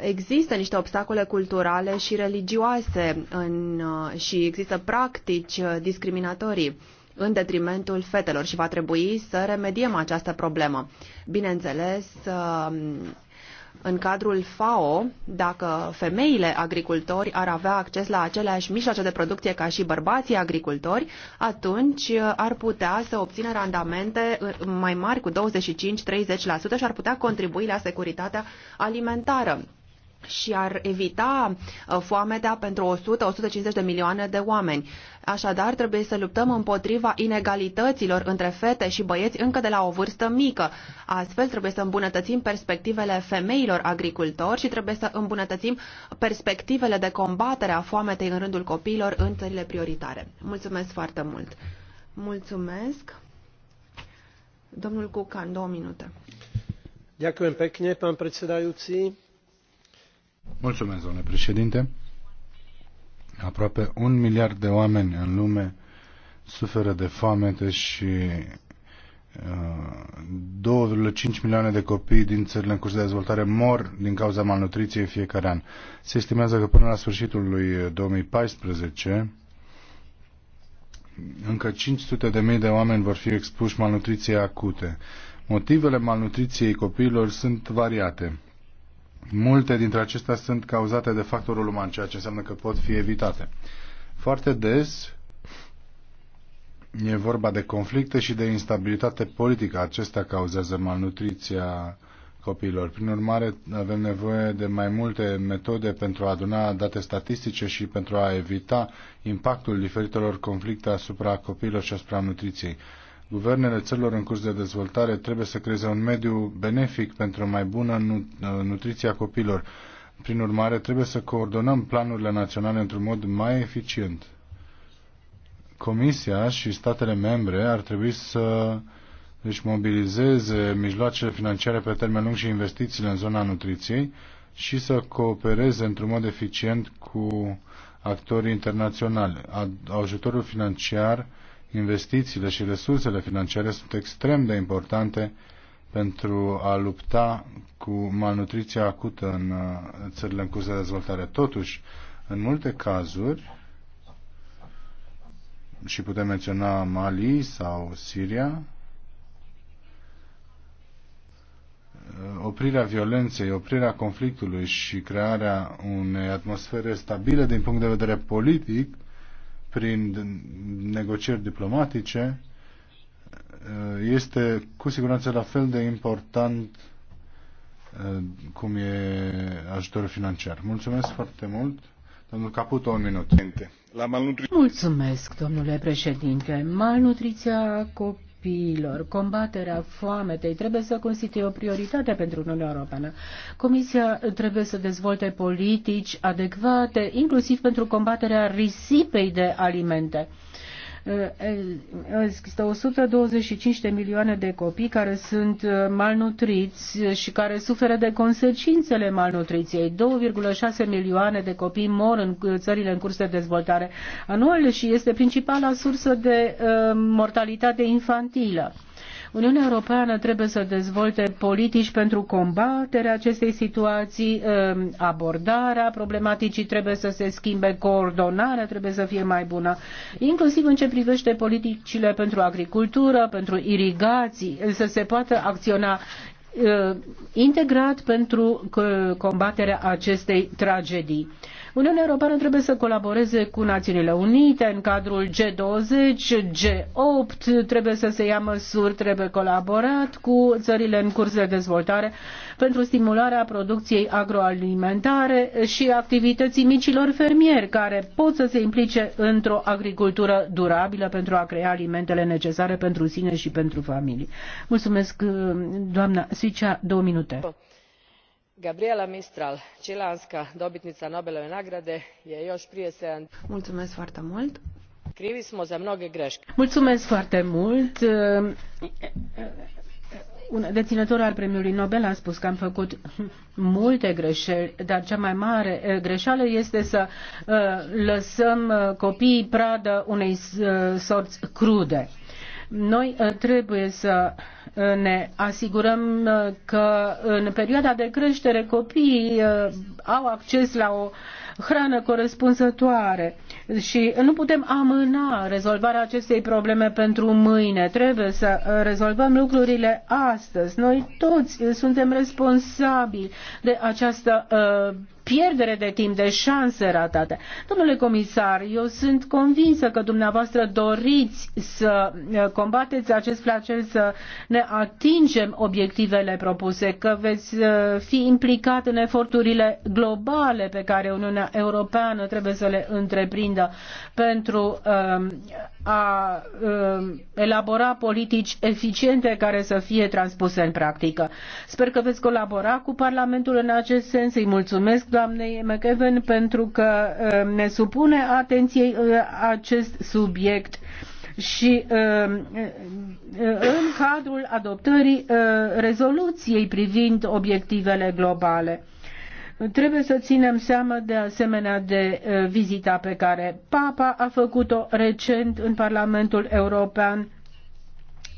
Există niște obstacole culturale și religioase în, și există practici discriminatorii în detrimentul fetelor și va trebui să remediem această problemă. Bineînțeles, în cadrul FAO, dacă femeile agricultori ar avea acces la aceleași mijloace de producție ca și bărbații agricultori, atunci ar putea să obțină randamente mai mari cu 25-30% și ar putea contribui la securitatea alimentară și ar evita uh, foametea pentru 100-150 de milioane de oameni. Așadar, trebuie să luptăm împotriva inegalităților între fete și băieți încă de la o vârstă mică. Astfel, trebuie să îmbunătățim perspectivele femeilor agricultori și trebuie să îmbunătățim perspectivele de combatere a foametei în rândul copiilor în țările prioritare. Mulțumesc foarte mult! Mulțumesc! Domnul Cucan, două minute. Ďakujem pekne, pán predsedajúci Mulțumesc, domnule președinte. Aproape un miliard de oameni în lume suferă de foamete și 2,5 uh, milioane de copii din țările în curs de dezvoltare mor din cauza malnutriției fiecare an. Se estimează că până la sfârșitul lui 2014 uh, încă 500 de mii de oameni vor fi expuși malnutriției acute. Motivele malnutriției copiilor sunt variate. Multe dintre acestea sunt cauzate de factorul uman, ceea ce înseamnă că pot fi evitate. Foarte des e vorba de conflicte și de instabilitate politică. Acestea cauzează malnutriția copiilor. Prin urmare, avem nevoie de mai multe metode pentru a aduna date statistice și pentru a evita impactul diferitelor conflicte asupra copiilor și asupra nutriției. Guvernele țărilor în curs de dezvoltare trebuie să creeze un mediu benefic pentru mai bună uh, nutriția copilor. Prin urmare, trebuie să coordonăm planurile naționale într-un mod mai eficient. Comisia și statele membre ar trebui să își mobilizeze mijloacele financiare pe termen lung și investițiile în zona nutriției și să coopereze într-un mod eficient cu actorii internaționali. Ajutorul financiar investițiile și resursele financiare sunt extrem de importante pentru a lupta cu malnutriția acută în uh, țările în curs de dezvoltare. Totuși, în multe cazuri, și putem menționa Mali sau Siria, uh, oprirea violenței, oprirea conflictului și crearea unei atmosfere stabile din punct de vedere politic prin negocieri diplomatice este cu siguranță la fel de important uh, cum e ajutorul financiar. Mulțumesc foarte mult. Domnul Caputo, un minut. La malnutri... Mulțumesc, domnule președinte. Malnutriția copilului copiilor, combaterea foametei trebuie să constituie o prioritate pentru Uniunea Europeană. Comisia trebuie să dezvolte politici adecvate, inclusiv pentru combaterea risipei de alimente. Eh, există 125 de milioane de copii care sunt eh, malnutriți și care suferă de consecințele malnutriției. 2,6 milioane de copii mor în eh, țările în curs de dezvoltare anual și este principala sursă de mortalitate infantilă. Uniunea Europeană trebuie să dezvolte politici pentru combaterea acestei situații, ehm, abordarea problematicii trebuie să se schimbe, coordonarea trebuie să fie mai bună, inclusiv în ce privește politicile pentru agricultură, pentru irigații, să se poată acționa ehm, integrat pentru combaterea acestei tragedii. Uniunea Europeană trebuie să colaboreze cu Națiunile Unite în cadrul G20, G8, trebuie să se ia măsuri, trebuie colaborat cu țările în curs de dezvoltare pentru stimularea producției agroalimentare și activității micilor fermieri care pot să se implice într-o agricultură durabilă pentru a crea alimentele necesare pentru sine și pentru familie. Mulțumesc, doamna Sicea, două minute gabriela mistral chileanska dobitnica nobelove nagrade je jo prije sedam krivi smo za mnoge greke. un deinător al premiului nobel a spus că am făcut multe greeli dar cea mai mare eh, greeală este să eh, lăsăm eh, copiii pradă unei sori crude. Noi uh, trebuie să uh, ne asigurăm uh, că în perioada de creștere copiii au acces la o hrană corespunzătoare și nu putem amâna rezolvarea acestei probleme pentru mâine. Trebuie să rezolvăm lucrurile astăzi. Noi toți suntem responsabili de această uh, pierdere de timp, de șanse ratate. Domnule comisar, eu sunt convinsă că dumneavoastră doriți să eh, combateți acest flagel, să ne atingem obiectivele propuse, că veți eh, fi implicat în eforturile globale pe care Uniunea Europeană trebuie să le întreprindă pentru ehm, a ehm, elabora politici eficiente care să fie transpuse în practică. Sper că veți colabora cu Parlamentul în acest sens. Îi mulțumesc doamnei McEwen pentru că um, ne supune atenției uh, acest subiect și um, uh, în cadrul adoptării uh, rezoluției privind obiectivele globale. Trebuie să ținem seama de asemenea de vizita pe care Papa a făcut-o recent în Parlamentul European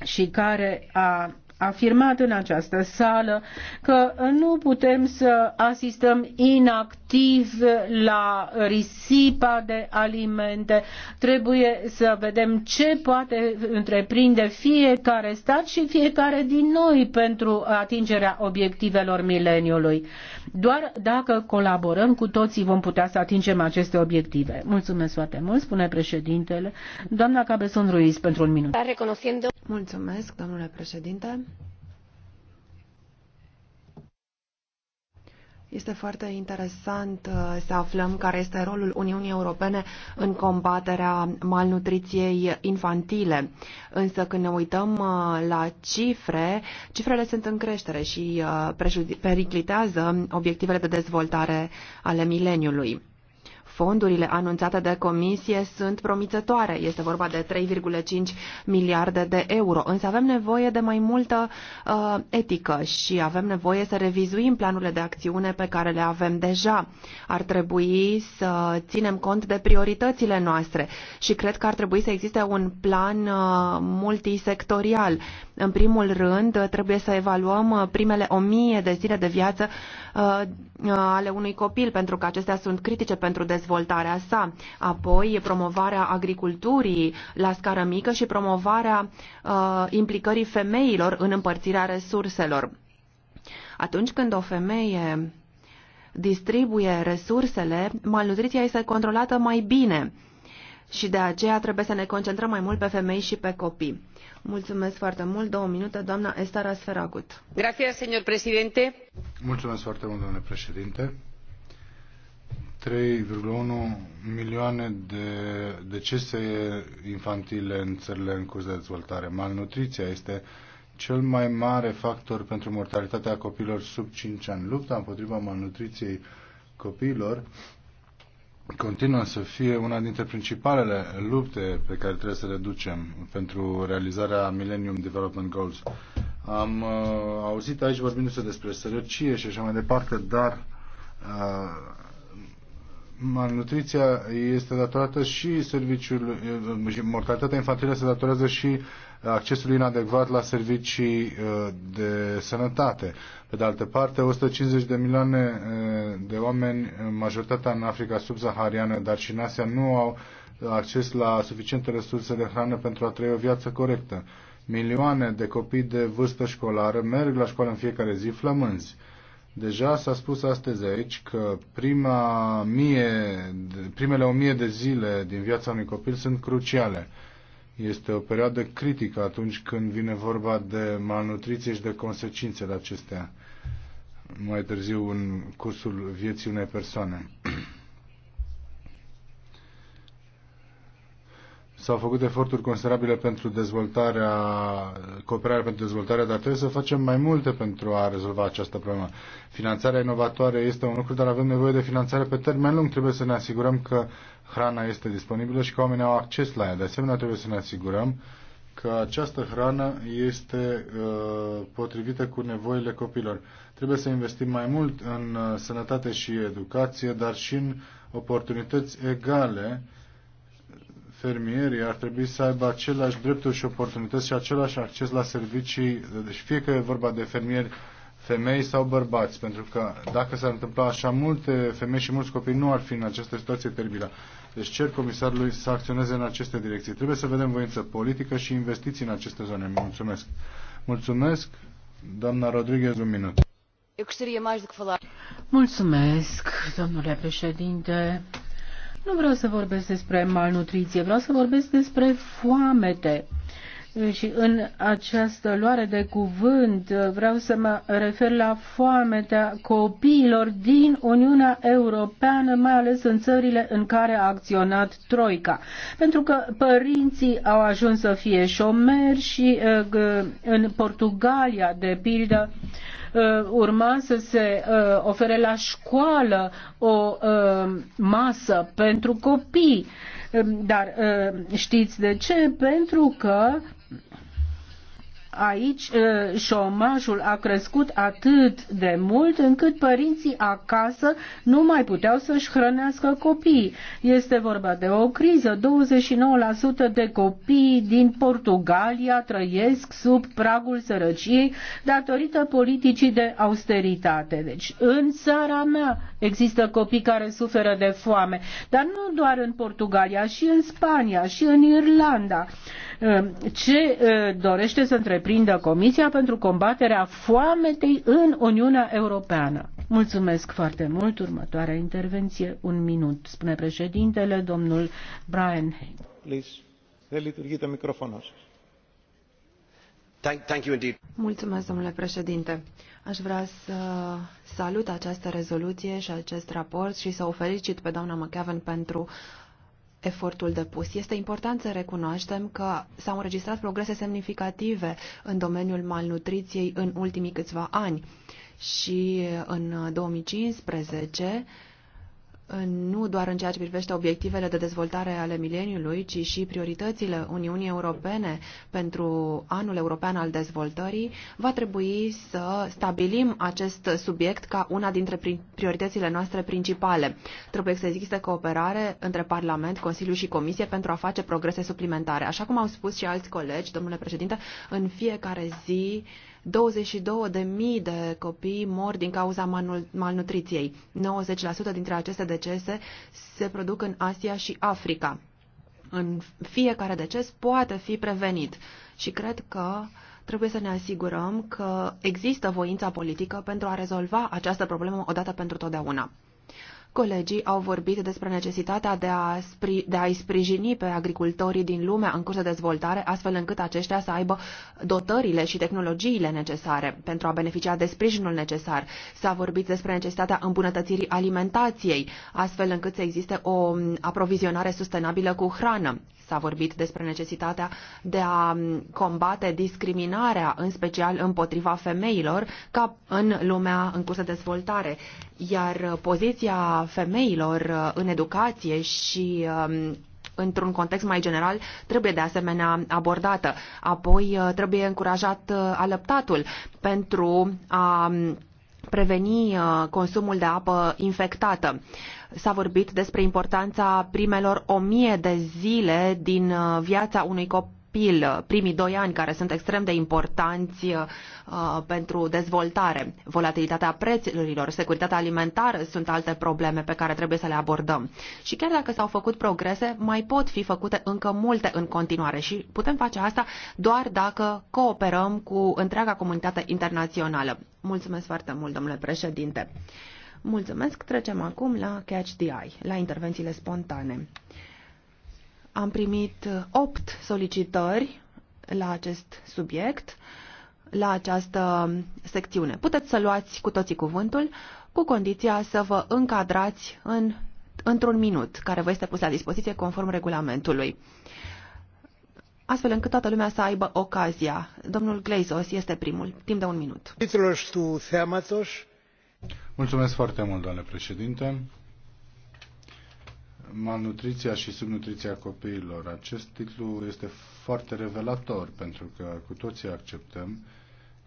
și care a afirmat în această sală că nu putem să asistăm inactiv la risipa de alimente. Trebuie să vedem ce poate întreprinde fiecare stat și fiecare din noi pentru atingerea obiectivelor mileniului. Doar dacă colaborăm cu toții vom putea să atingem aceste obiective. Mulțumesc foarte mult, spune președintele. Doamna Cabeson Ruiz, pentru un minut. Mulțumesc, domnule președinte. Este foarte interesant uh, să aflăm care este rolul Uniunii Europene în combaterea malnutriției infantile. Însă când ne uităm uh, la cifre, cifrele sunt în creștere și uh, periclitează obiectivele de dezvoltare ale mileniului fondurile anunțate de comisie sunt promițătoare. Este vorba de 3,5 miliarde de euro. Însă avem nevoie de mai multă uh, etică și avem nevoie să revizuim planurile de acțiune pe care le avem deja. Ar trebui să ținem cont de prioritățile noastre și cred că ar trebui să existe un plan uh, multisectorial. În primul rând, trebuie să evaluăm uh, primele o mie de zile de viață Uh, uh, ale unui copil, pentru că acestea sunt critice pentru dezvoltarea sa. Apoi, promovarea agriculturii la scară mică și promovarea uh, implicării femeilor în împărțirea resurselor. Atunci când o femeie distribuie resursele, malnutriția este controlată mai bine și de aceea trebuie să ne concentrăm mai mult pe femei și pe copii. Mulțumesc foarte mult. Două minute, doamna Estara Sferagut. Gracias, señor presidente. Mulțumesc foarte mult, domnule președinte. 3,1 milioane de decese infantile în țările în curs de dezvoltare. Malnutriția este cel mai mare factor pentru mortalitatea copiilor sub 5 ani. Lupta împotriva malnutriției copiilor continuă să fie una dintre principalele lupte pe care trebuie să le ducem pentru realizarea Millennium Development Goals. Am uh, auzit aici vorbindu-se despre sărăcie și așa mai departe, dar uh, malnutriția este datorată și serviciul, uh, mortalitatea infantilă se datorează și accesul inadecvat la servicii uh, de sănătate. Pe de altă parte, 150 de milioane uh, de oameni, majoritatea în Africa subsahariană, dar și în Asia, nu au acces la suficiente resurse de hrană pentru a trăi o viață corectă. Milioane de copii de vârstă școlară merg la școală în fiecare zi flămânzi. Deja s-a spus astăzi aici că prima mie, primele o mie de zile din viața unui copil sunt cruciale. Este o perioadă critică atunci când vine vorba de malnutriție și de consecințele acestea mai târziu în cursul vieții unei persoane. S-au făcut eforturi considerabile pentru dezvoltarea, cooperarea pentru dezvoltarea, dar trebuie să facem mai multe pentru a rezolva această problemă. Finanțarea inovatoare este un lucru, dar avem nevoie de finanțare pe termen lung. Trebuie să ne asigurăm că hrana este disponibilă și că oamenii au acces la ea. De asemenea, trebuie să ne asigurăm că această hrană este uh, potrivită cu nevoile copilor. Trebuie să investim mai mult în uh, sănătate și educație, dar și în oportunități egale uh, fermierii ar trebui să aibă aceleași drepturi și oportunități și același acces la servicii, deci fie că e vorba de fermieri femei sau bărbați, pentru că dacă s-ar întâmpla așa multe femei și mulți copii nu ar fi în această situație teribilă. Deci cer comisarului să acționeze în aceste direcții. Trebuie să vedem voință politică și investiții în aceste zone. Mulțumesc. Mulțumesc, doamna Rodriguez, un minut. Mulțumesc, domnule președinte. Nu vreau să vorbesc despre malnutriție, vreau să vorbesc despre foamete. Și în această luare de cuvânt vreau să mă refer la foametea copiilor din Uniunea Europeană, mai ales în țările în care a acționat Troica. Pentru că părinții au ajuns să fie șomeri și uh, în Portugalia, de pildă, Uh, urma să se uh, ofere la școală o uh, masă pentru copii. Um, dar știți de ce? Pentru că Aici uh, șomajul a crescut atât de mult încât părinții acasă nu mai puteau să-și hrănească copiii. Este vorba de o criză. 29% de copii din Portugalia trăiesc sub pragul sărăciei datorită politicii de austeritate. Deci, în țara mea există copii care suferă de foame, dar nu doar în Portugalia, și în Spania, și în Irlanda. Uh, ce uh, dorește să întreprinde întreprindă Comisia pentru combaterea foametei în Uniunea Europeană. Mulțumesc foarte mult. Următoarea intervenție, un minut, spune președintele, domnul Brian. Please, de liturghită microfonul. Mulțumesc, domnule președinte. Aș vrea să salut această rezoluție și acest raport și să o felicit pe doamna McAven pentru efortul depus. Este important să recunoaștem că s-au înregistrat progrese semnificative în domeniul malnutriției în ultimii câțiva ani și în 2015 nu doar în ceea ce privește obiectivele de dezvoltare ale mileniului, ci și prioritățile Uniunii Europene pentru anul european al dezvoltării, va trebui să stabilim acest subiect ca una dintre prioritățile noastre principale. Trebuie să existe cooperare între Parlament, Consiliu și Comisie pentru a face progrese suplimentare. Așa cum au spus și alți colegi, domnule președinte, în fiecare zi uh, 22.000 de copii mor din cauza malnutriției. 90% dintre aceste decese se produc în Asia și Africa. În fiecare deces poate fi prevenit și cred că trebuie să ne asigurăm că există voința politică pentru a rezolva această problemă odată pentru totdeauna. Colegii au vorbit despre necesitatea de, a spri, de a-i sprijini pe agricultorii din lumea în curs de dezvoltare, astfel încât aceștia să aibă dotările și tehnologiile necesare pentru a beneficia de sprijinul necesar. S-a vorbit despre necesitatea îmbunătățirii alimentației, astfel încât să existe o aprovizionare sustenabilă cu hrană. S-a vorbit despre necesitatea de a combate discriminarea, în special împotriva femeilor, ca în lumea în curs de dezvoltare iar uh, poziția femeilor uh, în educație și um, într-un context mai general, trebuie de asemenea abordată. Apoi uh, trebuie încurajat alăptatul pentru a um, preveni consumul de apă infectată. S-a vorbit despre importanța primelor o mie de zile din viața unui copil copil, uh, primii doi ani care sunt extrem de importanți uh, pentru dezvoltare. Volatilitatea prețurilor, securitatea alimentară sunt alte probleme pe care trebuie să le abordăm. Și chiar dacă s-au făcut progrese, mai pot fi făcute încă multe în continuare și putem face asta doar dacă cooperăm cu întreaga comunitate internațională. Mulțumesc foarte mult, domnule președinte. Mulțumesc. Trecem acum la Catch the Eye, la intervențiile spontane. Am primit uh, opt solicitări la acest subiect, la această secțiune. Puteți să luați cu toții cuvântul, cu condiția să vă încadrați în, într-un minut, care vă este pus la dispoziție conform regulamentului astfel încât toată lumea să aibă ocazia. Domnul Gleizos este primul, timp de un minut. Mulțumesc foarte mult, doamne președinte malnutriția și subnutriția copiilor. Acest titlu este foarte revelator pentru că cu toții acceptăm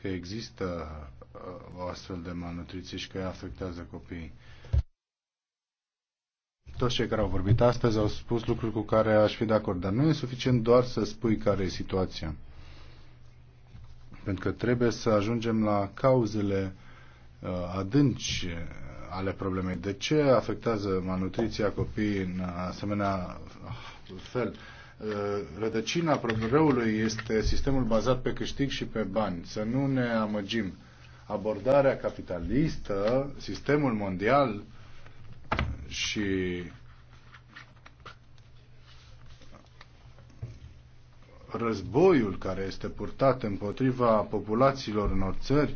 că există uh, o astfel de malnutriție și că ea afectează copiii. Toți cei care au vorbit astăzi au spus lucruri cu care aș fi de acord, dar nu e suficient doar să spui care e situația. Pentru că trebuie să ajungem la cauzele uh, adânci ale problemei. De ce afectează malnutriția copiii în asemenea fel? Uh, rădăcina răului este sistemul bazat pe câștig și pe bani. Să nu ne amăgim. Abordarea capitalistă, sistemul mondial și războiul care este purtat împotriva populațiilor în țări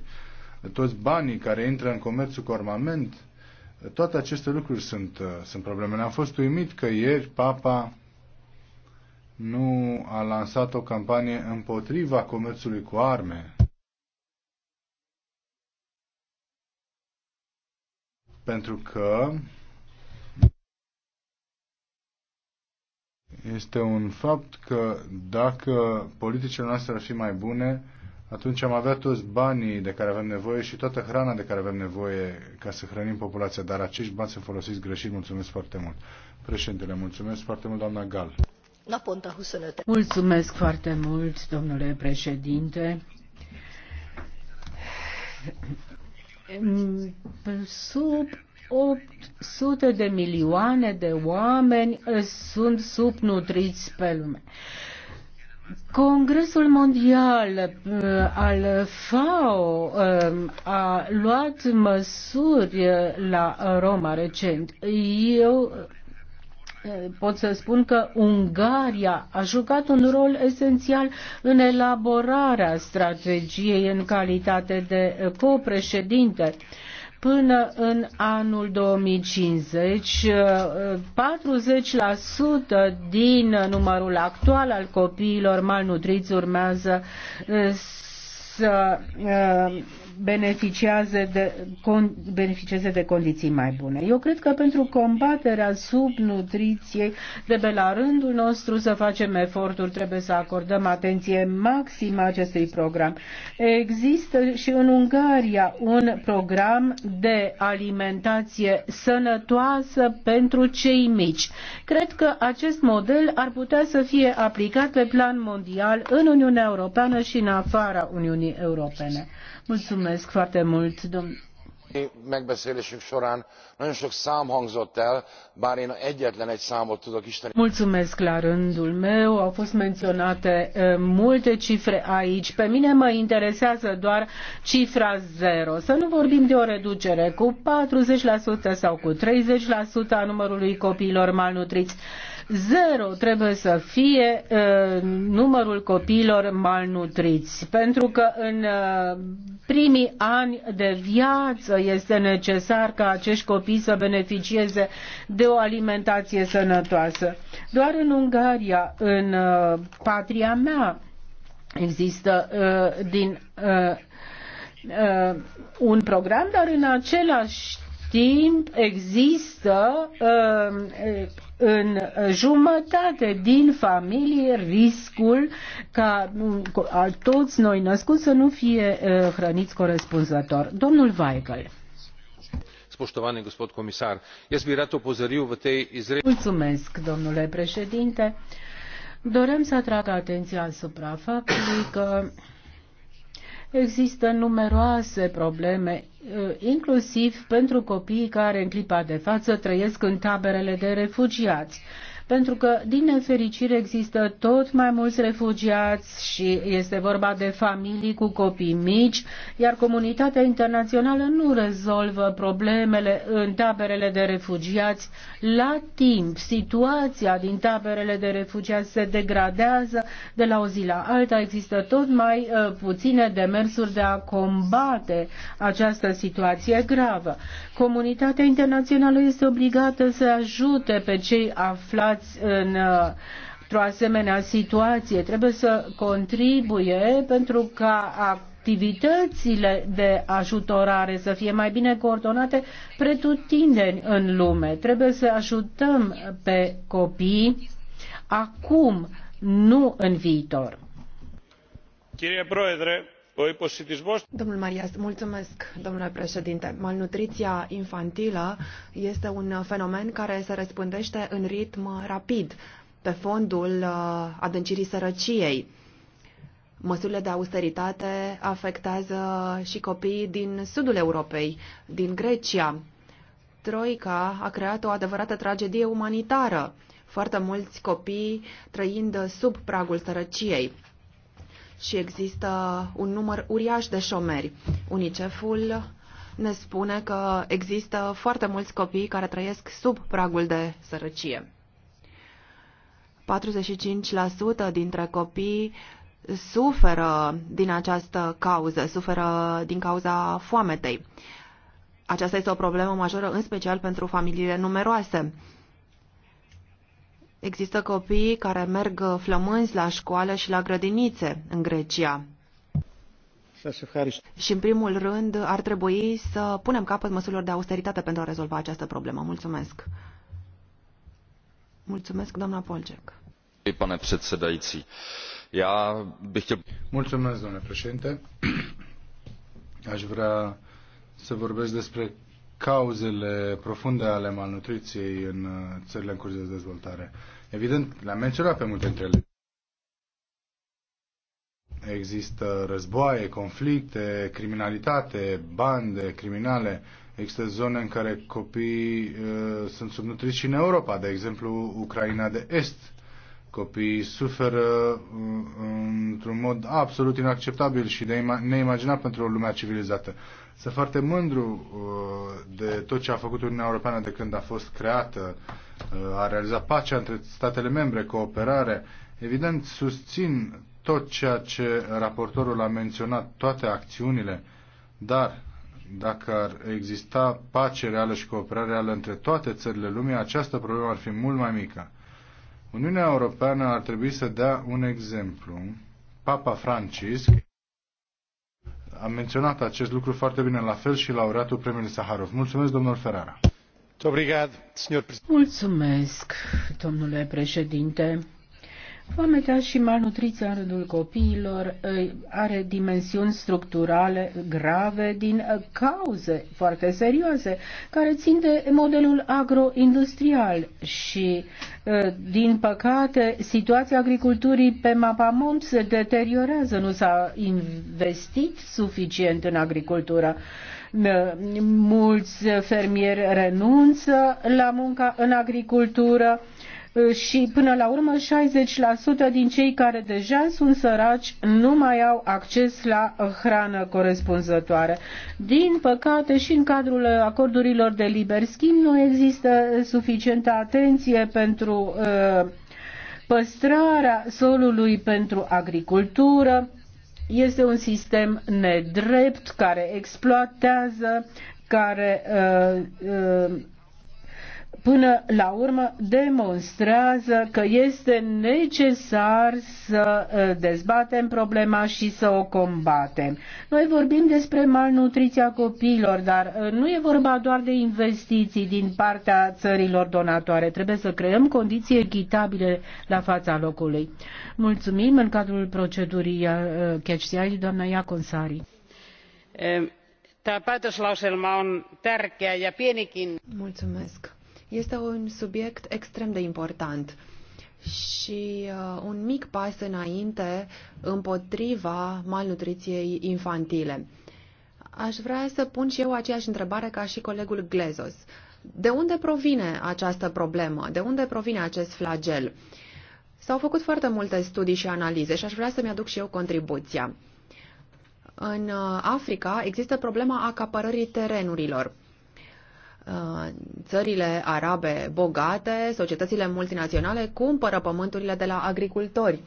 toți banii care intră în comerțul cu armament, toate aceste lucruri sunt, uh, sunt probleme. Am fost uimit că ieri Papa nu a lansat o campanie împotriva comerțului cu arme. Pentru că este un fapt că dacă politicile noastre ar fi mai bune, atunci am avea toți banii de care avem nevoie și toată hrana de care avem nevoie ca să hrănim populația, dar acești bani se folosiți greșit. Mulțumesc foarte mult. Președintele, mulțumesc foarte mult, doamna Gal. Naponta 25. Mulțumesc foarte mult, domnule președinte. Sub 800 de milioane de oameni sunt subnutriți pe lume. Congresul Mondial uh, al FAO um, a luat măsuri la Roma recent. Eu uh, pot să spun că Ungaria a jucat un rol esențial în elaborarea strategiei în calitate de copreședinte. Uh, până în anul 2050, 40% din numărul actual al copiilor malnutriți urmează uh, să uh, beneficiază de, con, beneficieze de condiții mai bune. Eu cred că pentru combaterea subnutriției trebuie la rândul nostru să facem eforturi, trebuie să acordăm atenție maximă acestui program. Există și în Ungaria un program de alimentație sănătoasă pentru cei mici. Cred că acest model ar putea să fie aplicat pe plan mondial în Uniunea Europeană și în afara Uniunii Europene. Mulțumesc foarte mult, domnule megbeszélésünk során nagyon sok szám hangzott el bár én egyetlen egy számot tudok isteni. Mulțumesc la rândul meu, au fost menționate multe cifre aici. Pe mine mă interesează doar cifra zero. Să nu vorbim de o reducere cu 40% sau cu 30% a numărului copiilor malnutriți. Zero trebuie să fie uh, numărul copiilor malnutriți, pentru că în uh, primii ani de viață este necesar ca acești copii să beneficieze de o alimentație sănătoasă. Doar în Ungaria, în uh, patria mea, există din un program, dar în același timp există um, în jumătate din familie riscul ca um, toți noi născuți să nu fie uh, hrăniți corespunzător. Domnul Weigel. Spoștovane, gospod Comisar, jaz bi o opozoril v izre? izredni. Mulțumesc, domnule președinte. Dorem să atrag atenția asupra faptului că Există numeroase probleme, uh, inclusiv pentru copiii care în clipa de față trăiesc în taberele de refugiați pentru că, din nefericire, există tot mai mulți refugiați și este vorba de familii cu copii mici, iar comunitatea internațională nu rezolvă problemele în taberele de refugiați la timp. Situația din taberele de refugiați se degradează de la o zi la alta. Există tot mai uh, puține demersuri de a combate această situație gravă. Comunitatea internațională este obligată să ajute pe cei aflați aflați în uh, o asemenea situație. Trebuie să contribuie pentru ca activitățile de ajutorare să fie mai bine coordonate pretutindeni în lume. Trebuie să ajutăm pe copii acum, nu în viitor. Chirie Proedre, domnule președinte. Malnutriția infantilă este un fenomen care se răspândește în ritm rapid, pe fondul uh, adâncirii sărăciei. Măsurile de austeritate afectează și copiii din sudul Europei, din Grecia. Troica a creat o adevărată tragedie umanitară, foarte mulți copii trăind sub pragul sărăciei și există un număr uriaș de șomeri. UNICEF-ul ne spune că există foarte mulți copii care trăiesc sub pragul de sărăcie. 45% dintre copii suferă din această cauză, suferă din cauza foametei. Aceasta este o problemă majoră, în special pentru familiile numeroase. Există copii care merg flămânzi la școală și la grădinițe în Grecia. Și în primul rând ar trebui să punem capăt măsurilor de austeritate pentru a rezolva această problemă. Mulțumesc. Mulțumesc, doamna Polcec. Pane předsedající, já bych chtěl... Mulțumesc, domnule președinte. Aș vrea să vorbesc despre cauzele profunde ale malnutriției în țările în curs de dezvoltare. Evident, le-am menționat pe multe dintre ele. Există războaie, conflicte, criminalitate, bande criminale. Există zone în care copiii uh, sunt subnutriți și în Europa, de exemplu Ucraina de Est. Copiii suferă uh, într-un mod absolut inacceptabil și de neimaginat pentru o lume civilizată. Sunt foarte mândru uh, de tot ce a făcut Uniunea Europeană de când a fost creată. Uh, a realizat pacea între statele membre, cooperare. Evident, susțin tot ceea ce raportorul a menționat, toate acțiunile, dar dacă ar exista pace reală și cooperare reală între toate țările lumii, această problemă ar fi mult mai mică. Uniunea Europeană ar trebui să dea un exemplu. Papa Francisc a menționat acest lucru foarte bine, la fel și laureatul premiului Saharov. Mulțumesc, domnul Ferrara. Mulțumesc, domnule președinte. Foamea și malnutriția în rândul copiilor ă, are dimensiuni structurale grave din ă, cauze foarte serioase care țin de modelul agroindustrial și, ă, din păcate, situația agriculturii pe mapamont se deteriorează. Nu s-a investit suficient în agricultură mulți fermieri renunță la munca în agricultură Eh, și până la urmă 60% din cei care deja sunt săraci nu mai au acces la eh, hrană corespunzătoare. Din păcate și în cadrul eh, acordurilor de liber schimb nu există suficientă atenție pentru uh, păstrarea solului pentru agricultură. Este un sistem nedrept care exploatează, care uh, uh, până la urmă demonstrează că este necesar să dezbatem problema și să o combatem. Noi vorbim despre malnutriția copiilor, dar nu e vorba doar de investiții din partea țărilor donatoare. Trebuie să creăm condiții echitabile la fața locului. Mulțumim în cadrul procedurii CHCI, doamna Iaconsari. Tämä päätöslauselma on tärkeä ja pienikin. Mulțumesc este un subiect extrem de important și uh, un mic pas înainte împotriva malnutriției infantile. Aș vrea să pun și eu aceeași întrebare ca și colegul Glezos. De unde provine această problemă? De unde provine acest flagel? S-au făcut foarte multe studii și analize și aș vrea să-mi aduc și eu contribuția. În uh, Africa există problema acapărării terenurilor Uh, țările arabe bogate, societățile multinaționale cumpără pământurile de la agricultori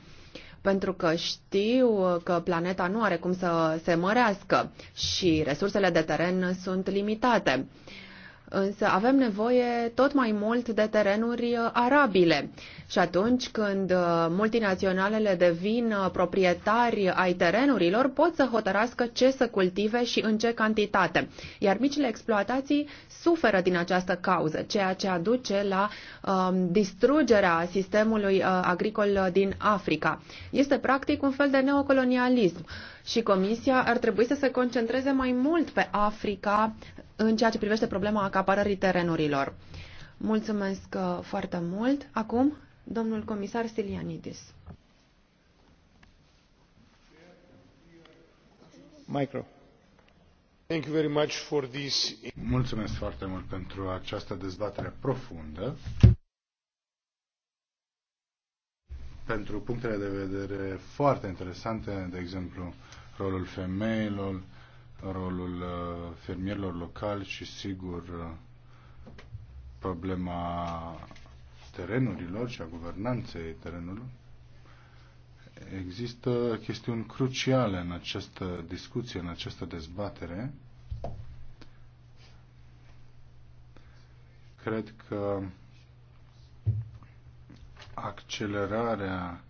pentru că știu că planeta nu are cum să se mărească și resursele de teren sunt limitate. Uh, Însă avem nevoie tot mai mult de terenuri uh, arabile. Și atunci când uh, multinaționalele devin uh, proprietari ai terenurilor, pot să hotărască ce să cultive și în ce cantitate. Iar micile exploatații suferă din această cauză, ceea ce aduce la um, distrugerea sistemului uh, agricol din Africa. Este practic un fel de neocolonialism și Comisia ar trebui să se concentreze mai mult pe Africa în ceea ce privește problema acaparării terenurilor. Mulțumesc uh, foarte mult. Acum, domnul comisar Silianidis. Micro. Thank you very much for this. Mulțumesc foarte mult pentru această dezbatere profundă. pentru punctele de vedere foarte interesante, de exemplu, rolul femeilor, rolul uh, fermierilor locali și, sigur, uh, problema terenurilor și a guvernanței terenului. Există chestiuni cruciale în această discuție, în această dezbatere. Cred că accelerarea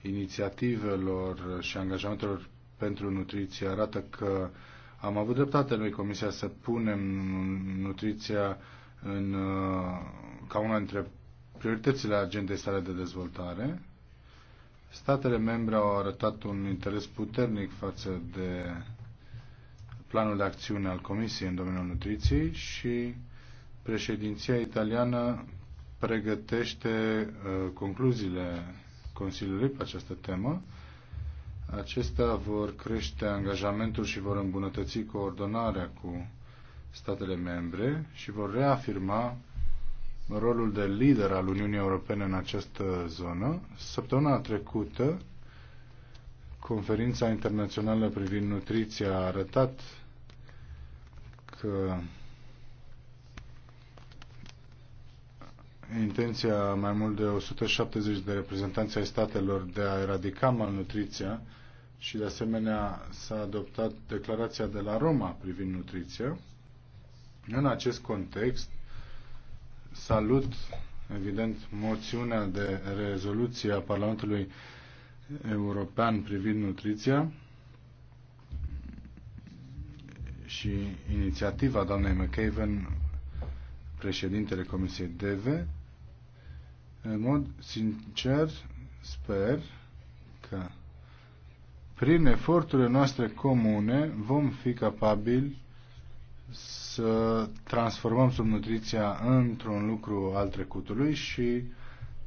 inițiativelor și angajamentelor pentru nutriție arată că am avut dreptate noi Comisia să punem nutriția în, uh, ca una dintre prioritățile agendei sale de dezvoltare. Statele membre au arătat un interes puternic față de planul de acțiune al Comisiei în domeniul nutriției și președinția italiană pregătește uh, concluziile Consiliului pe această temă Acestea vor crește angajamentul și vor îmbunătăți coordonarea cu statele membre și vor reafirma rolul de lider al Uniunii Europene în această zonă. Săptămâna trecută, conferința internațională privind nutriția a arătat că intenția mai mult de 170 de reprezentanți ai statelor de a eradica malnutriția și de asemenea s-a adoptat declarația de la Roma privind nutriția. În acest context, salut evident moțiunea de rezoluție a Parlamentului European privind nutriția și inițiativa doamnei McAven, președintele Comisiei DV. În mod sincer, sper că prin eforturile noastre comune vom fi capabili să transformăm subnutriția într-un lucru al trecutului și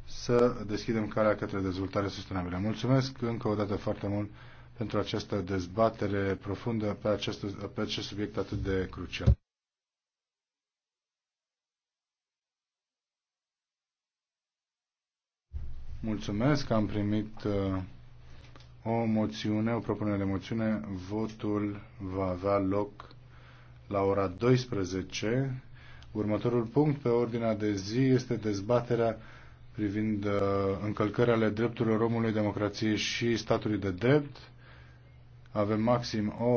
să deschidem calea către dezvoltare sustenabilă. Mulțumesc încă o dată foarte mult pentru această dezbatere profundă pe acest, pe acest subiect atât de crucial. Mulțumesc că am primit uh, o moțiune, o propunere de moțiune. Votul va avea loc la ora 12. Următorul punct pe ordinea de zi este dezbaterea privind uh, încălcări ale drepturilor omului, democrației și statului de drept. Avem maxim o